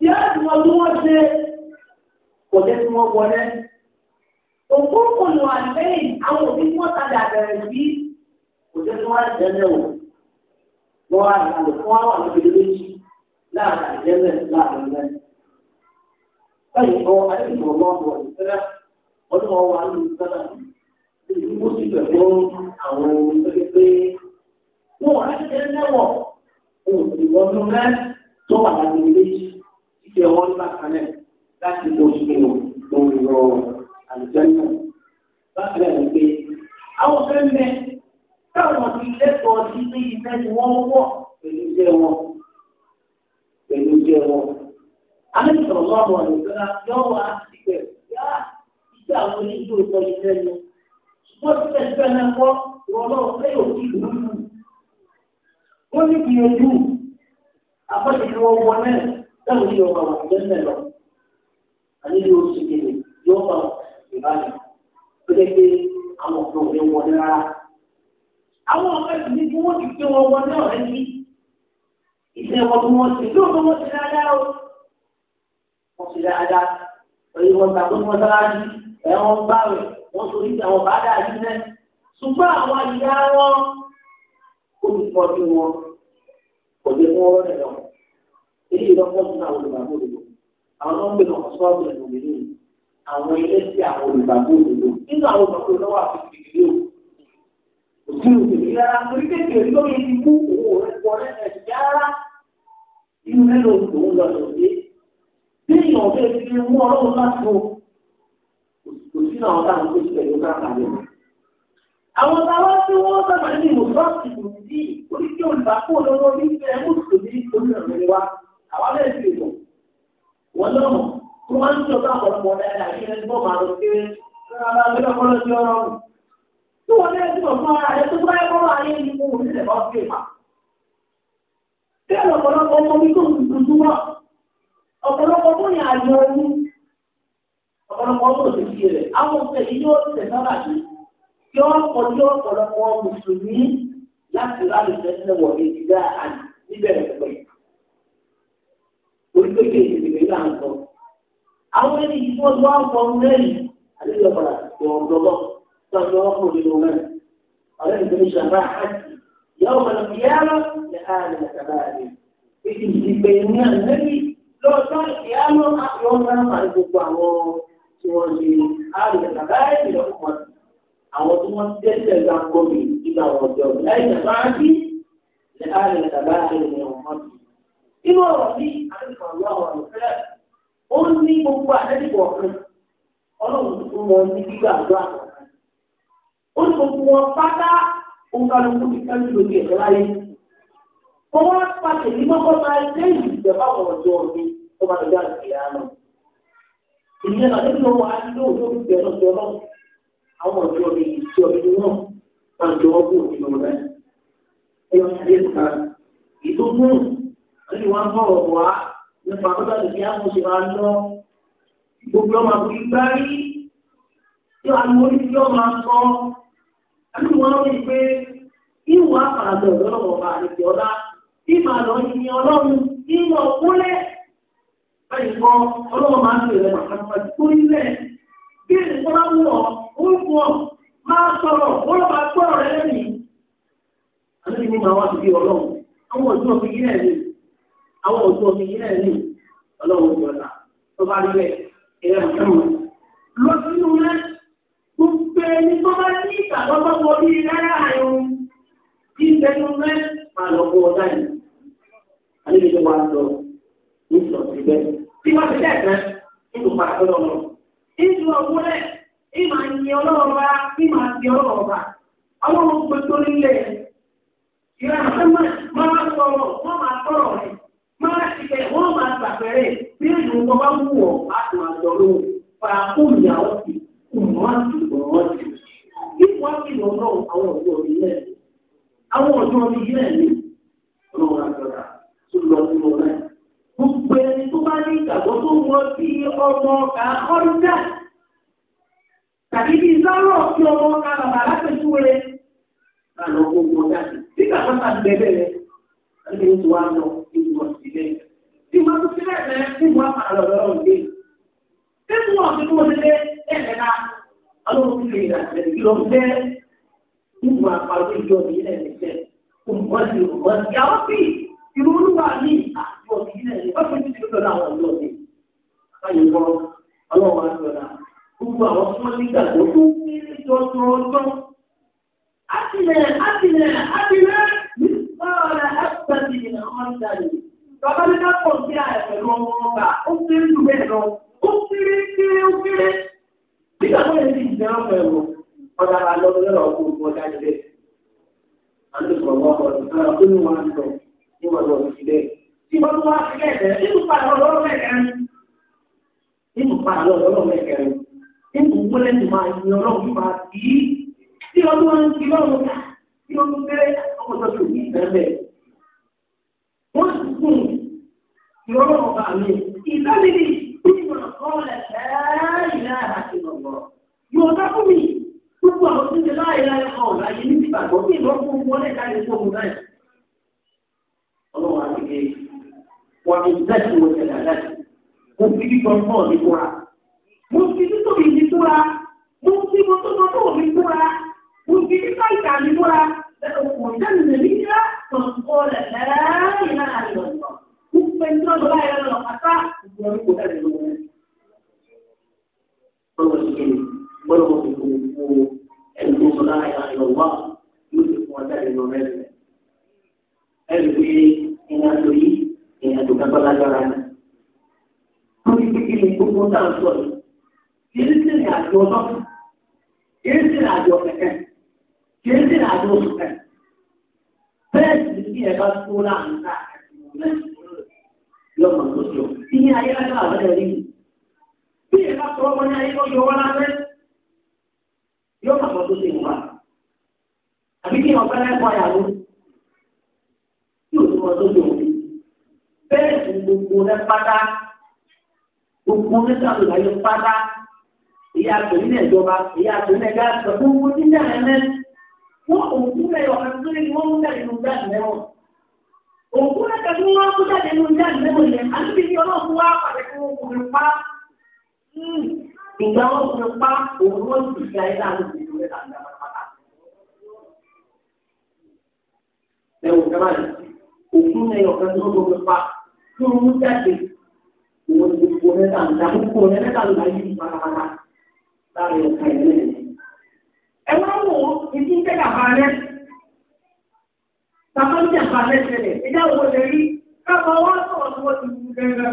bí a ti mọ bí wọ́n ṣe kò jẹ́ kí wọ́n wọlé. òkú àlẹ́yìn àwọn òbí tí wọ́n tajà bẹ̀rẹ̀ sí o. wọ́n á lò fún àwọn àlejò méjì láàrin àjẹ́lẹ̀ láàrin lẹ́yìn. báyìí kọ́ adébíyàn èyí ó sì gbàgbọ́ àwọn ohun tó ti pé wọn lẹ́wọ̀ òun ti wọnú tó wà láti méjì ìfẹ́ wọn nígbà kan láti mọ oṣù kìnnìún lórí lọ àlùjáde bákan náà ni pé àwọn fẹ́ mẹ táwọn ti lẹ́tọ̀ọ́ sí pé ìfẹ́ ni wọ́n wọ̀ pẹ̀lú iṣẹ́ wọn pẹ̀lú iṣẹ́ wọn. alẹ́ sọ̀rọ̀ lọ́wọ́ àwọn ọ̀dọ́ wọ́n ti fẹ́ fẹ́ náà wọ́ ìrọ̀lọ́wọ́ pé yóò ti lù ú. wọ́n ní gbìyànjú àbọ̀dìkan wọn wọ náà táwọn ní ọmọ àwọn ìgbésẹ̀ lọ. àní ni oṣù kejì yóò fa ìbálẹ̀ tó jẹ́ pé àwọn ọ̀dọ́ òde wọ ní rárá. àwọn ọ̀gá ìlú ní kí wọ́n ti gbé wọn wọ náà rẹ́ sí. ìṣẹ́ wọn bí wọ́n ti ló ń wọ́n ti dáadáa o. wọ́n ti dáadáa. òye wọn tàbí wọn sáájú ẹ̀wọ̀n gbáwẹ̀ wọ́n torí àwọn bàdà yìí náà ṣùgbọ́n àwọn ìyá wọn olùkọ́jú wọn kò lè mú ọ̀rọ̀ rẹ̀ lọ. èyí ìlọ́pọ̀ tún àwọn olùgbàgbọ́ òdodo àwọn tó ń gbé lọ́kọ̀ sọ́ọ̀bù ẹ̀ lòmìn ní àwọn ilé sí àwọn olùgbàgbọ́ òdodo nínú àwọn olùgbàgbọ́ òdodo wà fún ìdílé o. òsì òsì rárá torí kékeré lórí ti mú rẹ̀ wọ inú mélòó lòún lọ lòdì kò sí àwọn táwọn tó ti pẹ̀lú káàkà lẹ̀. àwọn táwọn tí wọ́n sábà ní mùsọ́ọ̀sì kò sí oríṣi olùbákú olówó ní ìfẹ́ mùsùlùmí olùrànlọ́wọ́ wa àwọn bẹ́ẹ̀ ti lò wọ́n lọ́mọ̀ tó wọ́n ń jọba ọ̀pọ̀lọpọ̀ dáadáa kí ẹni bọ́ máa lọ kéré rárá lọ́pọ̀lọpọ̀ ti ọ̀rọ̀ rù tó wọ́n lé ẹni bọ̀kan ara rẹ tó bá yẹ kọ́ ayé ni mo wò nílẹ̀ bá fi mà. bẹ́ẹ̀ lọ́pọ̀lọpọ̀ ọmọ mi tó ń dúdú wà ọ̀pọ̀lọpọ̀ tó ní àjọ ọdún ọ̀pọ̀lọpọ̀ ọdún òsì sí rẹ̀ àwọn ọ̀sẹ̀ yìí yóò tẹ̀ sábà bí kí wọ́n kọ ní ọ̀pọ̀lọpọ̀ mùsùlùmí láti ráàlì tẹ́sílẹ̀ wọ̀ ní ìdílé àná níbẹ̀rẹ̀ pẹ̀. orí pété ìdìbò yìí là ń sọ. àwọn ẹni yìí wọ́n lọ́ àwọn mẹ́rin àlejò padà gbọ̀ngbọ̀ngbọ̀ sọ̀rọ̀ ni wọ́n kúrò nínú mẹ́rin. ọ̀rẹ́ mi tó ní ṣàbá àti ìyá ọmọ lọ fi yára ní àná àti ìdìbò ìgbẹ̀yìn tí wọ́n ṣe àrùn ìjàmbá ẹ̀sìn lọ́kùnrin àwọn tí wọ́n tẹ́lẹ̀ gba gómìn nígbà wọn jọ lẹ́yìn ìjàmbá rí lẹ àrùn ìjàmbá ẹ̀sìn lọ́kùnrin. inú ọ̀rọ̀ ní àdìpọ̀ àwọn ọ̀rọ̀ fẹ́rẹ̀ ó ní gbogbo àdẹ́dìpọ̀ kan ọlọ́run tó wọn ní gbígbà àjọ àkọ́kọ́ ó ní gbogbo wọn pátá òǹkàlùkù ti ká lórí lórí ẹ̀rọ ayé wá pàṣẹ ní mọ́kọ́ máa ń lé ìjọba àwọn ọ̀dọ́ mi tó máa ìyẹn náà nínú wa ló ló ń bẹ̀rẹ̀ bẹ̀rẹ̀ àwọn ọ̀dọ́ mi ìṣe ọ̀dọ́ náà máa jọ ọ́ bò nínú rẹ̀ ẹ̀yọ́ ṣe ká ìdógún lórí wọn bọ̀ ọ̀rọ̀ wa nípa tó bá lè fi àwọn ṣe máa lọ gbogbo ọmọ àbúrò ìgbà rí tí wọn mú orí tí ẹni wọn rí i pé ìwà àpàlà ọ̀dọ́ ọ̀rọ̀ ọ̀bà àti ọ̀dá ìmàlọ́ ìyẹn ọlọ́run ìwọ̀n kúlẹ̀ báyìí kọ́ máa ń pè rẹ̀ màkàtà tó nílẹ̀ bí nǹkan bá wù ọ́ máa sọ̀rọ̀ ó máa gbọ́ ọ̀rẹ́ lẹ́yìn. àlejò mi máa wá sí bí ọlọ́run àwọn ọjọ́ mi yí ẹ̀rí àwọn ọjọ́ mi yí ẹ̀rí ọlọ́run ti ọ̀la tó bá rí bẹ́ẹ̀ ẹ̀rọ ìjọba lọ sínú rẹ̀ gbogbo ẹni tó bá ní ìtàgbọ́ bá náírà ẹ̀rọ bí ìtẹ́nu rẹ̀ máa lọ bọ́ ọ tí wọ́n ti dẹ́gbẹ́ nínú padà tó lọ́wọ́. Ìjú ọ̀gbọ́n rẹ̀ ì máa ń yin ọlọ́run bá ì máa ń yin ọlọ́run bá. Àwọn ọmọ ogun tó nílé ìrànlọ́wọ́ máa sọ̀rọ̀ wọ́n máa sọ̀rọ̀ rẹ̀ máa ṣiṣẹ́ wọ́n máa gbàgbẹ́rẹ́ bí ìlú wọn bá wù ọ́ láti máa jọ lóhùn fara fún ìyàwó sí ìmọ̀ọ́sì ìmọ̀ọ́sì. Bí wọ́n ti lọ lọ àwọn náà àwọn ọ̀dọ́ mi ó tún wọ́n sí ọmọ ọ̀gá ọ̀dà tàbí bí zárọ̀ sí ọmọ ọ̀gá bàbá alápẹ̀jú rẹ̀ lálọ́ gbogbo ọ̀dà tí bàbá bá ń bẹ̀rẹ̀ rẹ̀ ẹni tó wá lọ nínú ọ̀sìn rẹ̀ tí wọ́n tún sílẹ̀ rẹ̀ tí wọ́n máa lọ lọ́rọ̀ gbé tí wọ́n ti kó lé ẹ̀ẹ́dẹ́gbẹ̀rẹ́ ọlọ́run ti lè rà ẹ̀ẹ́dẹ́gbẹ̀rẹ́ ìlú olúwa ní àjọ ìdílé ẹ̀ bá àwọn ọ̀dọ́ báyìí wọ́n ọlọ́wọ́ gbogbo àwọn tí wọ́n nígbà tó tó kéré jọjọ ọjọ́. àtìlẹ̀ àtìlẹ̀ àtìlẹ̀ nípa ọ̀rẹ́ àtìlẹ̀ ìrìnà ọ̀dà yìí. bàbá mi ká pọ̀ sí ààrẹ pẹ̀lú ọmọ ó kéré jù bẹ́ẹ̀ lọ ó kéré kéré ó kéré. ní wọn lọ sí ilé tí wọn tún wá sí lẹ́sẹ̀ nínú padà lọ́wọ́ mẹ́kẹrin nínú padà lọ́wọ́ mẹ́kẹrin nínú wọlé tó máa yin ọlọ́run tó máa bí tí wọn tún wá ń kí lọ́run tí wọn tún bẹ́rẹ̀ ọmọ tó tó ní ìbẹ̀rẹ̀ wọ́n ti kún ìrọ̀rùn ọba mi ìdánilì ìgbìmọ̀ kọ́lẹ̀ láìlá àti ọ̀gbọ̀n yóò dá fún mi gbogbo àwọn tó ń ṣe láìlá ẹ̀kọ́ ọ̀la yìí ní ìgbàgbọ́ bí ìlọ́kùnrin wọlé ká lè fọ́ ọmọ náà. إليه ومن ذاته وجلالاته mufidi tọ̀tọ̀ mi kura mufidi tóbi mi kura mufidi mọ̀tọ́tọ̀ mi kura mufidi káyìká mi kura ọ̀dà nìyẹnì yá tọ̀tọ̀ lẹ̀ lẹ́yìn náà lọ. Kúpẹ́ ní ọ̀dọ̀ báyìí lọ pátá ìgbìmọ̀ mi kò dá ìlú wọn. Bọ́lá ṣe kéde, bọ́lá wọn kò fún ẹni tó sọ láàyè àyọ̀wá yóò ti fún ọjà ìlú rẹ̀. Ẹni pé ìrìn àjò yìí ìrìn àjò kẹtọ lágbára ni. lórí kékeré gbogbo náà ń sọ yìí kì í sì rìn àjò ọlọ́ kì í sì rìn àjò kẹ̀kẹ́ kì í sì rìn àjò oṣù kẹ̀. bẹ́ẹ̀ sì ni bí ẹ bá tó láàrin náà yọmọ tó sọ ìyẹn ayé bí ẹ bá tọ́ ọmọ ní ayé lọ́jọ́ wọn lábẹ́ yọmọ tó sọ ìwà àbí kí ọ̀gá ẹ̀kọ́ àyàwó nǹkan tó lò wí. Bẹ́ẹ̀ ni gbogbo rẹ pátá, gbogbo mẹ́tàlú láyé pátá, ìyá àtòrí náà ìjọba, ìyá àtòrí náà gáàsì, gbogbo nígbà rẹ mẹ́. Wọ́n òkú rẹ̀ yọ̀ kan tó lé ní wọ́n mú jáde nínú jáde mẹ́wọ̀n. Òkú rẹ̀ kan tó wọ́n mú jáde nínú jáde mẹ́wọ̀n yẹn, àbíbi ni ọlọ́run wá pàdé fún ọkùnrin pa. Hmm. Ìgbà wọn kò pa òun wọ́n ti fi ayé láàrin ìlú rẹ̀ láti dáná pátá. Ẹ wò kẹ́ báyìí òfin náà yọ̀ kan tó gbogbo pa tó ń mú jáde òun ti kó mẹ́ta ń kó mẹ́ta ń yìí pátápátá láàrin ọ̀ka ìlú ẹ̀. ẹ máa ìdí ń tẹ́lẹ̀ àbá rẹ̀ bàbá ń tẹ̀ àbá rẹ̀ tẹ̀lẹ̀ ìjà òwò lè rí káàbọ̀ wá sọ̀rọ̀ tí wọ́n ti wù gẹ́gẹ́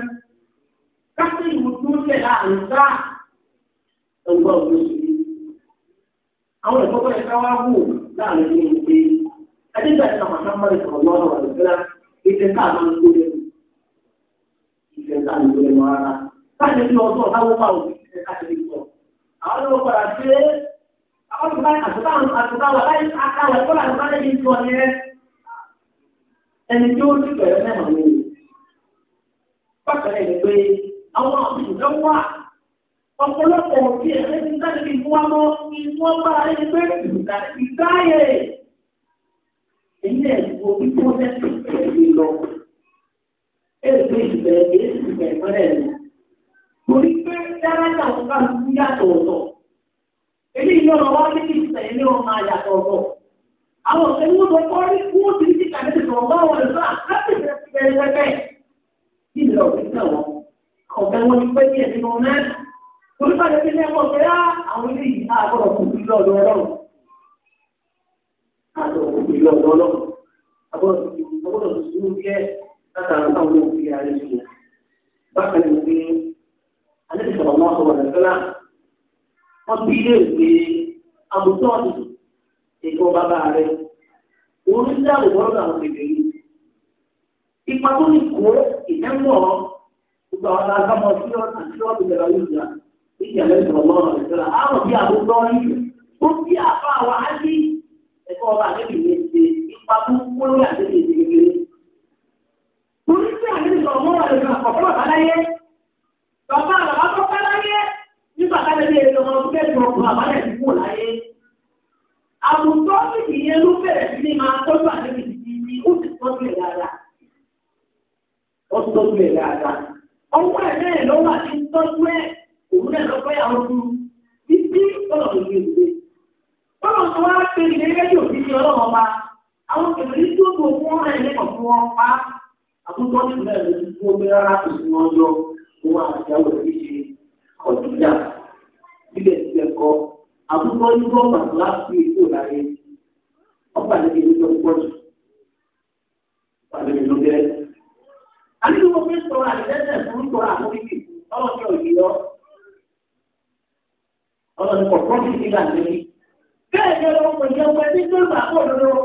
káṣí ìwò tó ń tẹ̀ láàrin sáà ẹ̀wọ̀n òwò sí àwọn ẹ̀kọ́ bẹ́ẹ̀ ká wá láàrin ní ìpín Adébẹ̀ ní àwọn sábàlì kan lọ́wọ́ àwọn ìgbéra ìfẹ́ ká àwọn ìgbóni ìfẹ́ ká àwọn ìgbóni wọn rárá. Káàdì ní ọdún ọ̀táwó bá òbí ìfẹ́ ká ti sọ. Àwọn ọmọ padà ṣe é. Àwọn ọmọ àtúntàwọn àtúntàwọn aláì akáwọ̀ ẹ̀kọ́ làwọn bá lẹ́yìn tó ọ̀nẹ́. Ẹni tí ó ti bẹ̀rẹ̀ náà ni. Bákan náà ni pé àwọn àbùdá wà ọ̀pọ̀lọpọ̀ òbí ẹ̀rẹ́ ti dáná ilé ẹ̀kọ́ bí pọ́sẹ̀tì ẹ̀rí lọ. Èdè ìbẹ̀ èsì ìbẹ̀rẹ̀ rẹ̀. Mo ní pé dáradà wọn bá ń yàtọ̀ ọ̀tọ̀. Èmi ìlú ọ̀rọ̀ wá ní kí ìsẹ̀ ilé ọmọ àyàtọ̀ ọ̀tọ̀. Àwọn ọ̀sẹ̀ ni wọ́n sọ pé wọ́n ti wọ́n ti ní kàdé ìsọ̀ ọ̀gá wọn lọ láti fẹ́ fi bẹ̀rẹ̀ pẹ́pẹ́. Ilé ọ̀gbìn náà wọ́n ọ̀gá wọn ti pẹ́ ní ẹ̀mí wọn náà. Olúbàdàn ti ní ẹ̀kọ́ pé á ah, àwọn ilé yìí á gbọ́dọ̀ kù sí lọ́dọ̀ ọlọ́run ìlú ọ̀dọ́ ọlọ́run agbọ́dọ̀ sùúrù jẹ́ látara táwọn òbí ayé sùn. bákan ní pé alẹ́ ìsọ̀rọ̀ máa sọ̀rọ̀ lẹ́sẹ̀lá wọ́n bí ilé ìwé àbùtọ́ọ̀nù ètò bàbá rẹ̀ orí ń dáàbò bọ́ọ̀lù àwọn bèbè yìí. ipa tó ní kó ìdánwò gbogbo àwọn alágbàmọ̀ sí ọ̀tà sí ọ̀tà ìjọba yóò gbà níbi alẹ́ ìsọ̀rọ̀ máa sọ̀rọ̀ lẹ́sẹ̀lá àwọn bí àbùtọ́ọ̀nù ó bí àbá wa á ipa tó kó ní àdéhùn ìdílé. Torí tí àdéhùn sọ̀rọ̀ mọ́ wà lójú àkọ́kọ́ bàbá láyé. Bàbá àbàbá tó pẹ́ láyé nígbà tá lè lè lọ́mọ tó kẹ́jọ ọkùnrin àbálẹ̀ ti kú láyé. Àwùjọ níbi yẹn ló bẹ̀rẹ̀ sí ní máa tọ́jú àdéhùn ìdílé ó sì tọ́jú ẹ̀ dáadáa. Ó sì tọ́jú ẹ̀ dáadáa. Ọwọ́ ẹ̀ náà lọ́wọ́ àti tọ́jú ẹ̀ òun náà lọ́pẹ́ àwọn ọdún títí ọlọ́run ìgbèrè. Bọ́lá ọ̀sán wá pé ìdẹ́gẹ́jì òfin ní ọlọ́run ọba àwọn kẹfìrí tó tó fún ọ̀rẹ́ ilé kan fún wọn pa àtúntò ìpínlẹ̀ rẹ̀ ti fún omi rárá tó fún wọn yọ owó àtìyàwó rẹ̀ ṣe ọ̀dùnjà sílẹ̀ sílẹ̀ kọ́ àtúntò ìlú ọ̀gbà láti èkó láyé ọgbà níbi ìlú tó pọ̀ jù ọgbà níbi ìlú bẹ́ẹ̀. àdéhùn mo fi sọ̀rọ̀ àdéhùn fún sọ̀rọ̀ àwọn ibi ọlọ́ọ̀kẹ́ òbí lọ ọlọ́ọ̀kẹ́ kọ̀ọ̀kan ti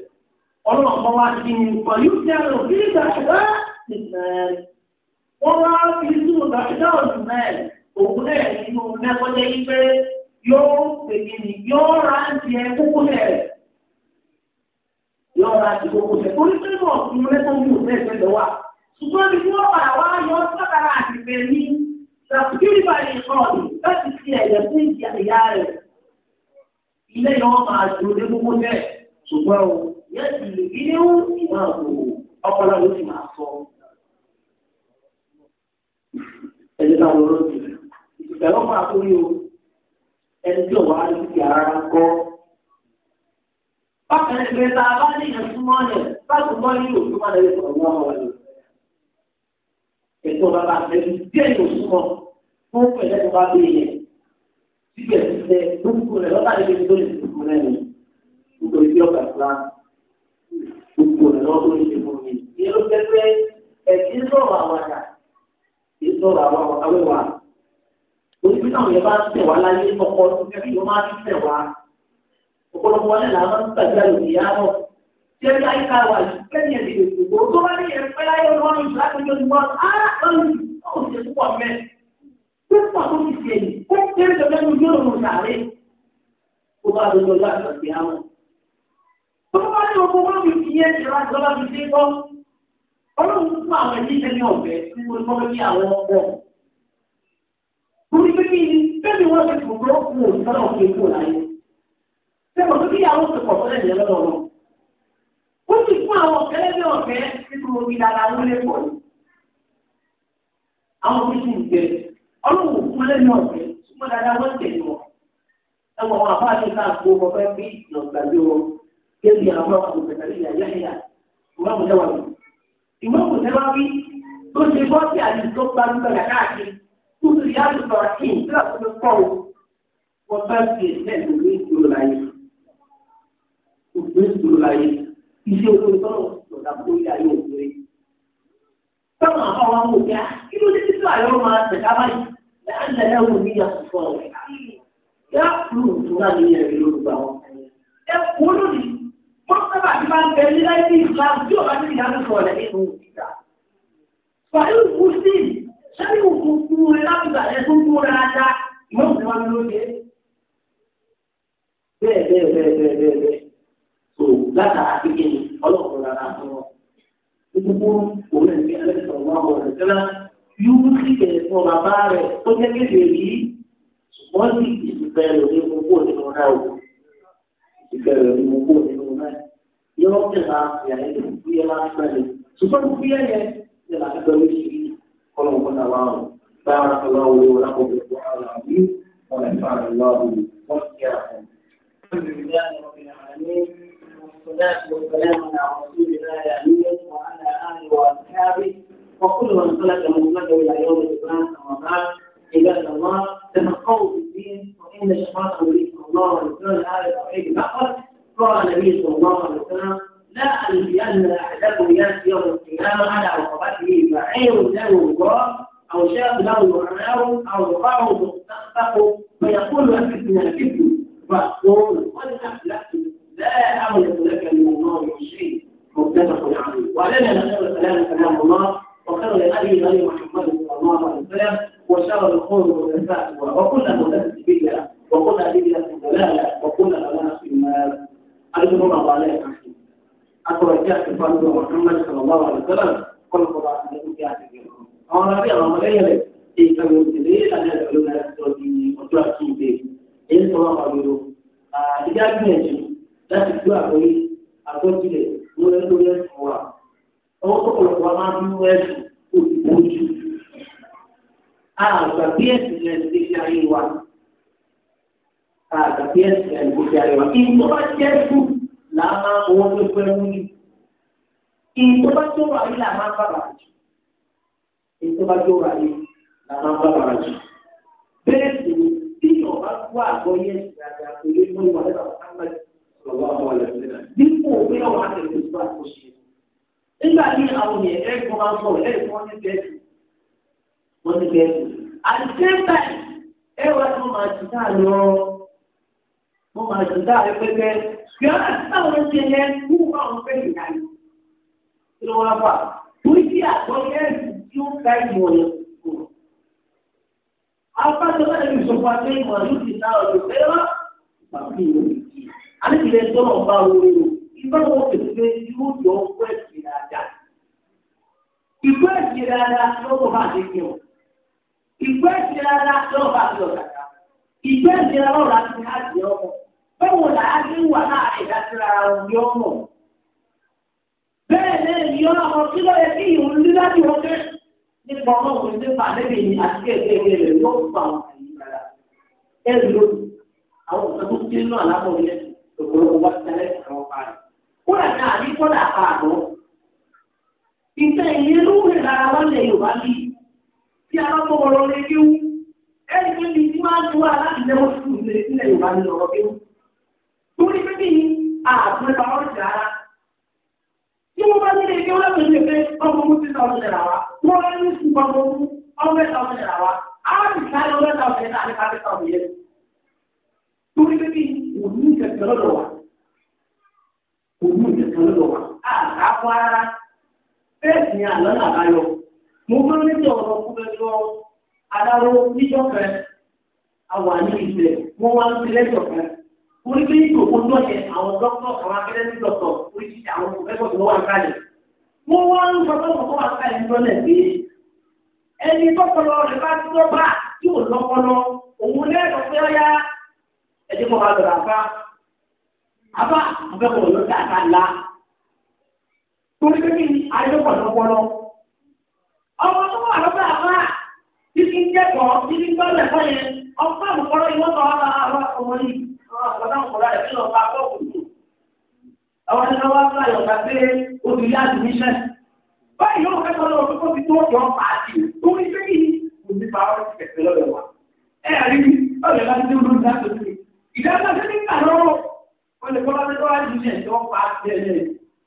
ọlọ́run kan wá sí ní pẹ̀lú ìjẹun bí ìdàgbà nìkan wọ́n wá fi sí ìdàgbà nìkan òun náà nínú mẹ́kọ́jẹ́ yí pé yóò pèmí ni yóò ra ń jẹ kókó rẹ̀ yóò ra ti kókó rẹ̀ torí pé náà fún mẹ́kọ́jẹ́ yóò fẹ́ fẹ́ lọ́wọ́ ṣùgbọ́n ní wọ́n bá wá yọ sábàrà àtìgbẹ́ ní ṣàkíyèsí báyìí kan láti fi ẹ̀yẹ̀ fún ìyá rẹ̀ ilé yẹn wọ́n máa dúró dé gbogbo bẹ́ẹ̀ ṣùgbọ́n o yẹ́sì ilé ó sì máa wò ọpọlọ ló sì máa sọ. ẹni náà lọ lọ́dún ìgbàlọ́ máa tó yí o ẹni tí òwò àti ti ara ń kọ́. bákan náà ìgbésẹ̀ tá a bá ní ìyẹn súnmọ́ ẹ̀ bákan mọ́ ní òṣù máa lè sọ̀rọ̀ wọn wọ̀ lọ. ẹ̀tọ́ bàbá àtẹ̀sí díẹ̀ yóò súnmọ́ fún pẹ̀lẹ́ tó bá bẹ̀rẹ̀ yẹn. síbẹ̀ síbẹ̀ gbogbo rẹ̀ lọ́tà tó lè fi kún lẹ́nu nítorí bí ọ̀gá ìsìlámù gbogbo ìrànlọ́wọ́ tó ní ṣe fún mi. Ní ló jẹ́ pé ẹ̀sìn sọ̀rọ̀ àwọn àjà kì í sọ̀rọ̀ àwọn àwẹ̀wà. Oníbi náà yẹn bá ń tẹ̀ wá láyé ọkọ̀ ẹbí ló máa ń tẹ̀ wá. Ọ̀pọ̀lọpọ̀ wọn náà máa ń gbàgbé ìyá náà. Jẹ́bi àyíká wa kẹ́ni ẹ̀dì òkòkò tó bá ní ẹ̀fẹ́ láyé ọlọ́run ìgbà tó yọ ìgbà ara ọ̀run náà ṣe púpọ̀ mẹ́. Púpọ̀ tó ti ṣe yìí, ó kéré jọjọ́ ní ojú òòrùn sàárè. Ó bá lọ lọ láti ọ̀sẹ̀ àwọn tó bá ní ọkọ̀ wọn fi fi ẹsẹ̀ wá jọba fi dé kọ́ ọlọ́run fún àwọn ẹni ẹni ọ̀bẹ tí mo tọ́ ní àwọn ọkọ̀ torí pé kí ni bẹ́ẹ̀ni wọ́n ti kò gbọ́ kú òun fọ́nà òkè kú láyé sẹ́kọ̀ tó kí àwọn ti kọ̀ fọ́nà ìyẹn lọ́dọ̀ lọ. ó sì fún àwọn ọ̀kẹ́ lẹ́bí ọ̀kẹ́ nínú omi dáadáa ló lè pọ̀ àwọn tó sì ń ọlọ́run fún lẹ́nu ọ̀kẹ́ يلي أمامه زكريا يحيى إمام نووي إمام نووي tó ṣe bọ́ sí àyè tó gbajúgbajà káàkiri tó ti rí àyè sọ̀rọ̀ kí n tí wàá tó kọ́ o wọ́n bá ti ẹ̀ lẹ́nu ní ìṣòro láyé òṣèré ìṣòro láyé iṣẹ́ olórí tọ́lọ̀ ọ̀dà tó yẹ ayé òṣèré. sọ́nà àwọn ọmọ wò yá kí ló dé títí àyọ̀ máa tẹ̀ka báyìí láńlẹ̀ náà wò ní àtúntò rẹ̀ yá kúrò tó wà ní Kọ́sọ́bà ti máa ń bẹ ní láìsí ìsìláàmù tí ò bá ti ìdáná sọ̀rọ̀ nínú ìgbà. Fàyọ̀ kú sí sẹ́yìn òkú kú rẹ láti bàjẹ́ tó kú rẹ ajá ìmọ̀ọ́sì wa ló dé. Bẹ́ẹ̀ bẹ́ẹ̀ bẹ́ẹ̀ bẹ́ẹ̀ bẹ́ẹ̀ bẹ́ẹ̀. So látara kékeré ni ọlọ́run rárá fún wọn. Gbogbo òun ẹ̀ ní alẹ́ sọ̀rọ̀ wá wọ̀ rẹ̀ tẹ́lá yóò sì kẹ̀ fún bàbá rẹ̀ tó jẹ́ kékeré yìí ìbẹ̀rẹ̀ ní owó nínú náà yóò tẹ̀ máa fi àyè tó fúyẹ́ máa gbẹ̀lẹ̀ ṣùgbọ́n fúyẹ́ yẹn ní láti gbẹ̀lẹ̀ sí kọ́nà kọ́nà wa ọ̀ bára kọ́nà owó lápò gbogbo àwọn àbí wọn ẹ̀fà rẹ̀ lọ́wọ́ wọn kí á fún. والصلاة والسلام على رسول الله عليه وعلى آله وأصحابه وكل من سلك مسلكه إلى يوم القيامة وما عباد الله تفقهوا في الدين وان شفاعه النبي صلى الله عليه وسلم الايه التوحيد فقط قال النبي صلى الله عليه وسلم لا أنزلن احدكم ياتي يوم القيامه على عقبته بعير له غراب او شاب له معناه او وقعه مستنفق فيقول اكفنا الفتن فاقول قد افلحت لا املك لك من الله شيء متفق عليه ولنا نقول كلام كلام الله وخير الهدي هدي محمد صلى الله عليه وسلم وشر الامور محدثاتها وكل محدثه بدعه وكل بدعه ضلاله وكل ضلاله في النار أجمع الله عليه أتوجه في فضل محمد صلى الله عليه وسلم كل قراءة لك أو نبي الله عليه إن كان يبتدي أن يدعو لنا وتوكي به إن صلى الله عليه وسلم إذا كنت لا تدعو أقول أقول لك نور الدنيا owó tó kọ̀ọ̀kọ̀ wa máa ń mú ẹ̀sùn olùbójú. àgbà bí ẹ̀sìn yẹn ti fi ayé wa àgbà bí ẹ̀sìn yẹn ti fi ayé wa. ìjọba jẹ́ sùn là á máa owó tó fẹ́ mú ni. ìjọba tó wà yìí là máa ń bàbà jù. ìjọba tó wà yìí là máa ń bàbà jù. bẹ́ẹ̀ sì ni tí ìjọba wà àgbọ̀yé ẹ̀sìn àgbà kò lè mú ìwà lẹ́nu nígbà tí àwọn ènìyàn ẹ̀rẹ́ kan máa ń sọ̀rọ̀ ẹ̀rẹ́ kan ní gẹ̀ẹ́sì wọ́n ní gẹ̀ẹ́sì àdìsẹ́ńtà ẹ̀ wá tí wọ́n máa ti dáa lọ wọ́n máa ti dáa rẹ pẹ́pẹ́ yọ̀ọ́ àti táwọn ń ṣe yẹn kú àwọn fẹ́ ìyá yìí kí ló wá wà wọ́n ti àgbọ̀ gẹ̀ẹ́sì tí ó ka ìmọ̀ yẹn kú. apáṣọ náà ní ìṣòfò àti ìmọ̀ yóò ti dá ọ̀dọ̀ fẹ́ wá ìgbà fún ìwé ṣe dáadáa. Ìgbọ́ ẹ̀sìn dáadáa lọ́wọ́ bá ṣe kí o. Ìgbọ́ ẹ̀sìn dáadáa lọ́wọ́ bá ṣe ọ̀dàkà. Ìgbọ́ ẹ̀sìn dáadáa lọ́wọ́ bá ṣe àjẹ ọmọ. Bẹ́ẹ̀ là á ní wà láàrin ìdásíra ohun yọ ọmọ. Bẹ́ẹ̀ náà ni ọmọ kí ló yẹ kí ìhun ní láti wọ́n kẹ́. Nípa ọlọ́run ní pàdébì ní àti kékeré rẹ̀ yóò gbà wọn ẹ̀rù lórí àwọn ọ̀sán tó kéré náà lábọ̀ yẹn ìtẹ́ ìlú rẹ̀ lára wọn lè yorùbá bí tí a bá tó wọ lọ lẹ́kí wú ẹni tó ní tí máa ń tó wà láti lẹ́wọ́ sùn lè sílẹ̀ yorùbá ní ọ̀rọ̀ bí wú. torí pé bí àbúrẹ́ bá wọ́n jà á tí wọ́n bá nílé ẹgbẹ́ wọn lọ́sọ̀rọ̀ ìgbẹ́ ọmọ mú títà ọ̀sẹ̀ rà wá wọ́n rẹ̀ ní sùn ọmọ mú ọmọ ẹ̀ta ọ̀sẹ̀ rà wá á sì sáré ọmọ ẹ̀ta ọ̀sẹ̀ náà ní káfíńtà ọ̀sẹ̀ yẹn. torí pé bí òní wa òní ìkẹ̀kẹ̀ bẹ́ẹ̀ ni àlọ́lá àbáyọ. Mo gbọ́ níbi ọ̀rọ̀ kúbẹ́jọ́ adáró níjọ́ kan. A wà ní ìṣẹ̀, wọ́n wá ń tilẹ́jọ̀ kan. Orí bí ìgbòho ń lọ́yẹ̀ àwọn dọ́kítọ̀ àwọn akẹ́lẹ́bí dọ̀tọ̀ oríṣiríṣi àwọn kòfẹ́sọ̀ tó wà kálẹ̀. Wọ́n wá ń sọ fún ọ̀pọ̀ àkàlẹ̀ ń lọ́lẹ̀ pé ẹni tọ́pọlọ rẹ̀ bá ti tọ́ bá tí ò lọ́pọlọ òun lẹ́ẹ̀kọ́ pé ó yá ẹ̀jẹ̀ mọ́ bá lọ́ra bá. Àbá mo fẹ́ kọ̀ lọ́sẹ̀ àká torí pé kí ayé pọ̀ lọ́pọ̀lọ́. ọmọ tó wà lọ́pọ̀ àbá títí ń kẹ́kọ̀ọ́ títí ń gbọ́dọ̀ ẹ̀kọ́ yẹn ọ̀pọ̀ àmọ̀kọ́rọ́ ìwọ́ kan wà máa wá ọmọ yìí ọ̀pọ̀ àmọ̀kọ́rọ́ rẹ̀ kí lọ́ọ́ bá bọ́ọ̀ kùtù. àwọn ẹni wá bá yọ̀ọ̀gá pé odò yá admission. báyìí yóò kẹ́kọ̀ọ́ lọ́wọ́ tó kọ́bi ti kẹ̀kẹ́ lọ́dọ̀ wa. ẹ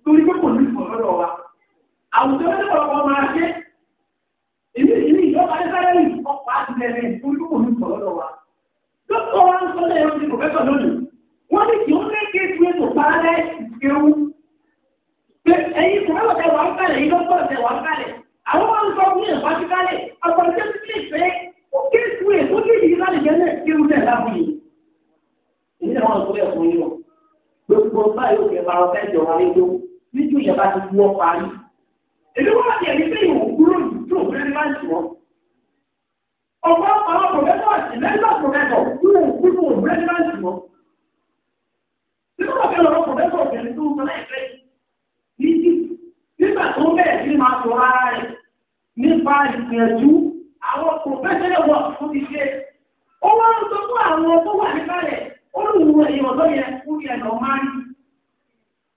lórí pé kò ní ìfọ̀rọ̀ lọ wa àwùjọ ẹgbẹ́ ọ̀pọ̀ máa ṣe èmi ìní ìjọba ẹgbẹ́ yìí ọ̀pọ̀ àtìlẹyìn lórí pé kò ní ìfọ̀rọ̀ lọ wa dókítà wa ń sọ lẹ́yìn ọ̀sẹ̀ pòfẹ́sọ̀ lónìí wọ́n ní kí ó ní kí ètò ètò parẹ́ ìkéwú pé ẹ̀yin pòfẹ́sọ̀ tẹ wà ń kalẹ̀ yìí dókítà tẹ wà ń kalẹ̀ àwọn máa ń sọ fún yẹn fásitì kalẹ̀ àgbàdo òkè ìtú ẹ̀ tó kéde yìí láti yẹn náà kéwù náà lábùyè. Ìdílé àwọn ìkúlẹ̀ fún yín o. Gbogbo báyìí ó kẹ́ bá ọ fẹ́ jọ wá léjó nítorí ìjọba ti wọ́ parí. Èmi wọ́n ti ẹ̀mí pé ìwò kúrò tó fẹ́ẹ́ máa ń sọ. Ọ̀pọ̀ àwọn pòfẹ́sọ̀ àti mẹ́tọ̀ pòfẹ́sọ̀ kúrò kúrò fẹ́ẹ́ máa ń sọ. Nígbà tó lọ pòfẹ́sọ̀ ọ̀gbẹ̀ni tó ń sọ láìpẹ́ yìí. Nígbà tó bẹ̀rẹ̀ sí máa sọ ara rẹ̀ nípa ìgbìyànjú àwọn pòfẹ́sọ̀ wọ̀ fún ti ṣe. Ó wá ń sọ fún àwọn tó wà nípa rẹ̀ ó lù wọ ìwọ̀n tó yẹ kúrò ẹ̀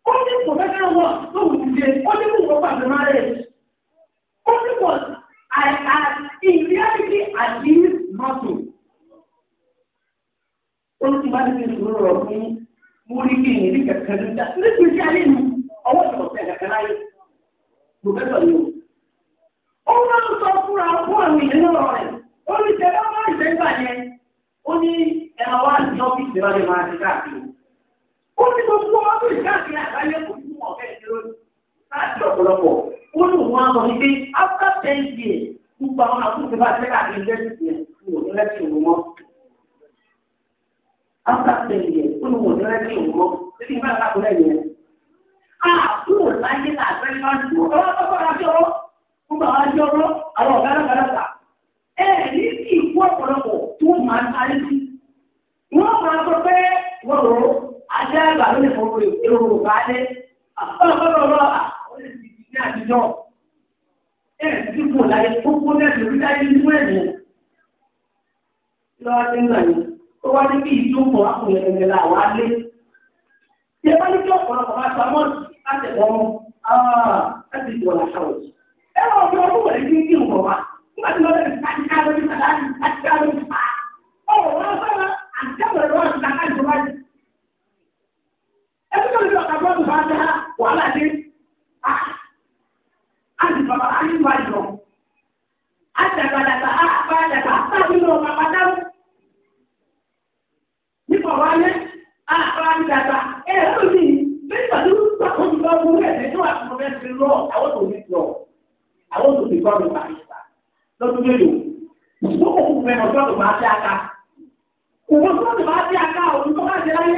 ó ní professional work tó wù ú ṣe ó ní kó wọ́n marriage ó ní wọ́n I I in reality I did nothing. ó ní kí n bá ní kí n sọ̀rọ̀ rọ̀ fún mo rí kí n rí kẹ̀kẹ́ níta nítorí sí alẹ́ mi ọwọ́ ìṣọ̀tẹ̀ kẹ̀kẹ́ láyé professor ni o. ó máa ń sọ fúnra fún àwọn èèyàn lọ́rọ̀ rẹ̀ ó ní tẹ́lẹ̀ máa ń ṣe ń gbà yẹn ó ní ẹ̀rọ wá sí ọ́fíìsì rẹ̀ máa ti káàkiri ó ní gbogbo ọmọ tó ìkáàkiri àgbáyé kò ní wọn bẹ́ẹ̀ ní lónìí láti ọ̀pọ̀lọpọ̀ ó ní wọn àwọn ní pé after ten years gbogbo àwọn àkókò bá tẹ́ káàkiri lẹ́sìn yẹn ní òní lẹ́sìn òun mọ́ after ten years ó ní òní lẹ́sìn òun mọ́ lẹ́sìn ìgbà àkókò lẹ́yìn yẹn. àkókò láyé làgbẹ́ máa ń dùn ọ̀rọ̀ tó kọ́ra jọ ọ́ gbogbo àwọn àjọ ọ̀rọ̀ àwọn ọ̀gá lọ́gàlọ́gà ẹ̀ẹ́dì kì í kú ọ̀pọ̀lọpọ̀ tó máa ń parí sí àti àgbà ló lè fọwọ́ èrò rò bá dé ọlọ́kọ́lọ́ ọlọ́ àwọn èsì ti ní àtijọ́ ẹ̀rẹ̀ ti kò láyé gbogbo lẹ́sìn orí láyé nínú ẹ̀mí lọ́wọ́ ti ń nà yín ó wá ní bí ìjókòó akùnrin ẹ̀mí la wà á lé ṣé bá ní kí ọ̀pọ̀lọpọ̀ máa sọ ọmọ àtẹ̀wọ́n láti ìwọ̀ làṣàwọ̀ ẹ wọ́n fi ọdún wẹ̀rẹ̀ kí kí nǹkan wá nígbà tí wọ́n lè fi kájíká ẹbí tó lè fi ọ̀tà bọ́ọ̀lù bá dá wàhálà dé àti bàbá àti bàjọ́ àti àgbàdàgbà a táwọn ìlú ọ̀gá bàdá nípa wáyé àgbàdàgbà ẹ̀ ẹ̀ lómi bẹ́ẹ̀ pàdé ó gbà wọ́n ti bá wọ́n rẹ̀ nínú àtúntò bẹ́ẹ̀ ti lọ àwọn tó ti lọ àwọn tó ti gbọ́dọ̀ bá yẹn bá lọ́dún mélòó ìṣùgbọ́n mẹ́rin ọ̀dọ́ tó máa fi àká òwò tó máa fi àká òwò tó máa fi láyé.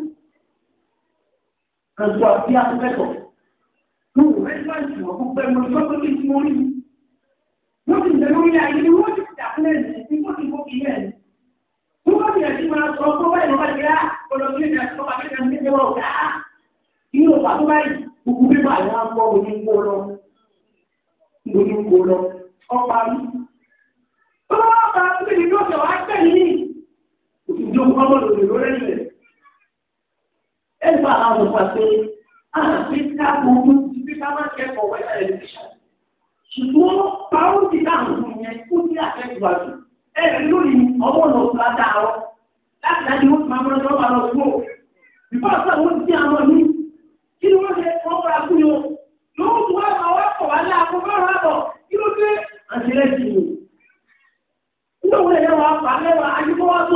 gbogbo àti akẹ́kọ̀ọ́ tó wù ẹ́ máa jù ọ́ gbogbo ẹ̀mọ́ ìṣọ́kọ́ tó ti mọ rí mi. wọ́n ti bẹ̀rù ilé ayé ni wọ́n ti dàpẹ́ ẹ̀sìn tí wọ́n ti mọ kí ẹ̀ tó wọ́n ti ẹ̀sìn máa sọ fún báyìí lọ́ba ìgbéra ọlọ́dún ìgbà tó bá kẹ́kẹ́ ní ẹ̀rọ ọ̀gá inú ọ̀gá tó báyìí gbogbo bí wà wọ́n á gbọ́ onígbó lọ onígbó lọ ọ̀pá mi. ọlọ́wọ́ ọ̀pá mi ni ẹgbà àwọn pàṣẹ àfíríkà gbogbo ìfíríkà máa kẹ́kọ̀ọ́ wẹ́lẹ̀ ẹ̀díṣàn ṣùgbọ́n pàrọ́tì dáhùn fún yẹn kó ní àfẹ́gbàdù ẹ lórí ọwọ́ lọ bá dáhọ́ láti dájú wọn máa mọ́ lọ́wọ́ lọ fún ọ bíbá sọ wọn ti àwọn ní kí ni wọ́n ṣe wọ́n fara fún yọ lọ́wọ́ tó wá máa wá pọ̀ wá ní àpò márùn-ún àbọ̀ kí ló dé àtìlẹ́sì ni nígbà wo lè lẹ́wọ̀ apá lẹ́wọ̀ àyíkọ́ wá tó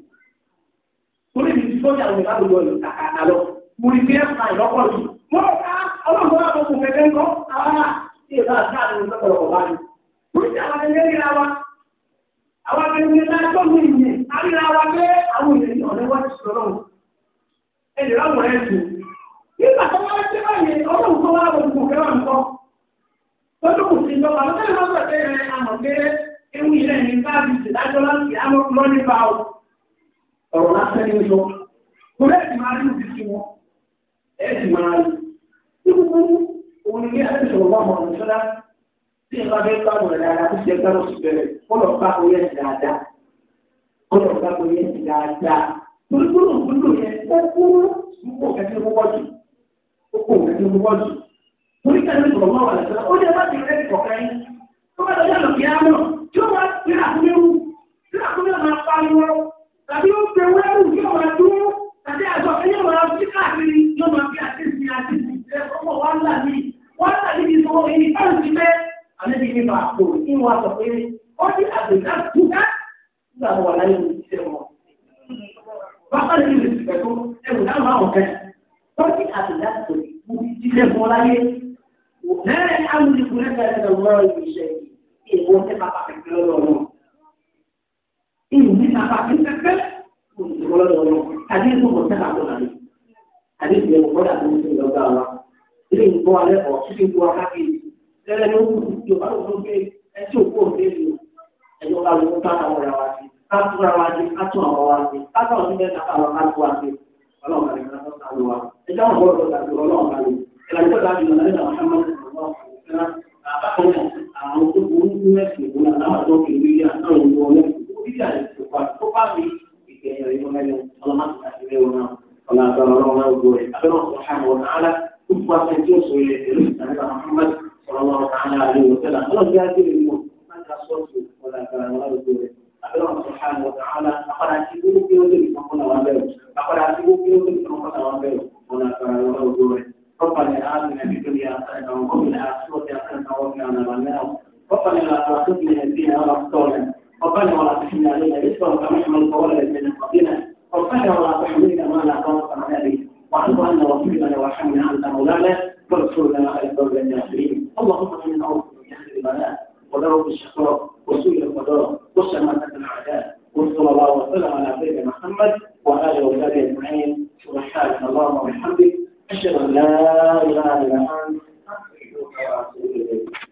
torí mi ti sọ́jà òun ìbá gbogbo ọ̀nà kàkà lọ mo rí pé ẹ̀ka ìlọ́pọ̀ mi wọ́n ká ọlọ́gbọ́n náà mo kò kẹ́kẹ́ ńkọ́ àwọn àti ìbá àti àwọn ọ̀pọ̀lọpọ̀ bá mi. torí ti àwọn ẹgbẹ́ ríra wa àwọn akẹ́kẹ́ náà tó ní ìyẹn àríra wa pé àwọn èèyàn ní ọ̀rẹ́ wájú sí ọlọ́run ẹ̀jẹ̀ láwọn ẹ̀ sùn. nígbà tó wá ṣe báyìí ọlọ́run tó wá wọn kò fẹ́ràn kọ́ lọ́dún kò sí lọ́wọ́ àwọn tẹ́lẹ̀ ọ̀rọ̀ lásán ní sọ. Mo bẹ́ẹ̀ sì máa rí ibi sí wọn, ẹ sì máa rí. Ní gbogbo òun ni ilé ẹ̀sìn sọ̀rọ̀ wọn ọ̀rọ̀ sọ́dá tí ẹ bá fẹ́ bá wọn dáadáa tó ṣe gbárò sí bẹ̀rẹ̀ kọ́lọ̀ bá oyè sí dáadáa. Kọ́lọ̀ bá oyè sí dáadáa. Gbogbo gbogbo yẹn ó kúrú gbogbo kẹ́kẹ́ gbogbo jù. Gbogbo kẹ́kẹ́ gbogbo jù. Mo ní tàbí ó pe wẹ́rù yóò máa dúró tàbí àjọ pé yóò máa fi káàkiri yóò máa fi àtẹ̀sí àtẹ̀sí ìṣẹ́ fọ́pọ̀ wá ńlá mi wá ńlá mi ti sọ èyí báyìí ti fẹ́ àlẹ́ mi ní bàá tó kí wọ́n sọ pé ó ní àgbèdá tó ká nígbà tó wà láyé mi ṣe wọn. bákan ní ìlú ìfẹ́ tó ẹ̀rù náà máa wọ̀ fẹ́ ó ní àgbèdá tó kú jíjẹ́ fún láyé lẹ́yìn àwọn ìdìbò lẹ́gbẹ̀ẹ́ ìlú ní nàbà ní pẹpẹ kò sì wọlé lọ́wọ́ àbí ìlú kò sẹ́ka tó nàlẹ́ àbí ìlú ẹ̀kọ́ kọ́dà tó ń sìn lọ́gbà wa ilé ìgbọ́ alẹ́ ọ̀ títí gbọ́ akákiri lẹ́lẹ́ ló kù yorùbá ló ló gbé ẹtí òkú òde ìlú ẹ̀yọ́ ká ló ń bá àwọn wa sí ká tún wa sí ká àwọn wa sí ká àwọn ilé nàbà wa ká wa sí ọlọ́run kàlẹ́ ká tún àwọn wa àwọn bọ́ọ̀lù bid'ah itu kuat kami jika yang mengenai alamat akhirnya Allah Taala Allah Taala Allah Subhanahu Wa Taala kuat yang justru oleh Nabi Muhammad Sallallahu Alaihi Wasallam Allah jadi ilmu mana suatu Allah Taala Allah Taala Allah Subhanahu Wa Taala apa nanti dulu kita jadi kampung awam baru apa nanti dulu kita jadi kampung awam baru Allah Taala Allah Taala ربنا آتنا في الدنيا حسنة وفي الآخرة حسنة وقنا عذاب النار ربنا لا تؤاخذنا بما أخطأنا ربنا ولا تحمل علينا إسرا كما حمل طوال من قبلنا ربنا ولا تحملنا ما لا طاقة لنا به وعنه أن لنا وارحمنا أنت مولانا فاغفر لنا على الدور الناصرين اللهم إنا نعوذ بك من البلاء ودرب الشقاء وسوء القضاء وشماتة الأعداء وصلى الله وسلم على سيدنا محمد وعلى وآله وصحبه أجمعين سبحانك اللهم وبحمدك أشهد أن لا إله إلا أنت أستغفرك وأتوب إليك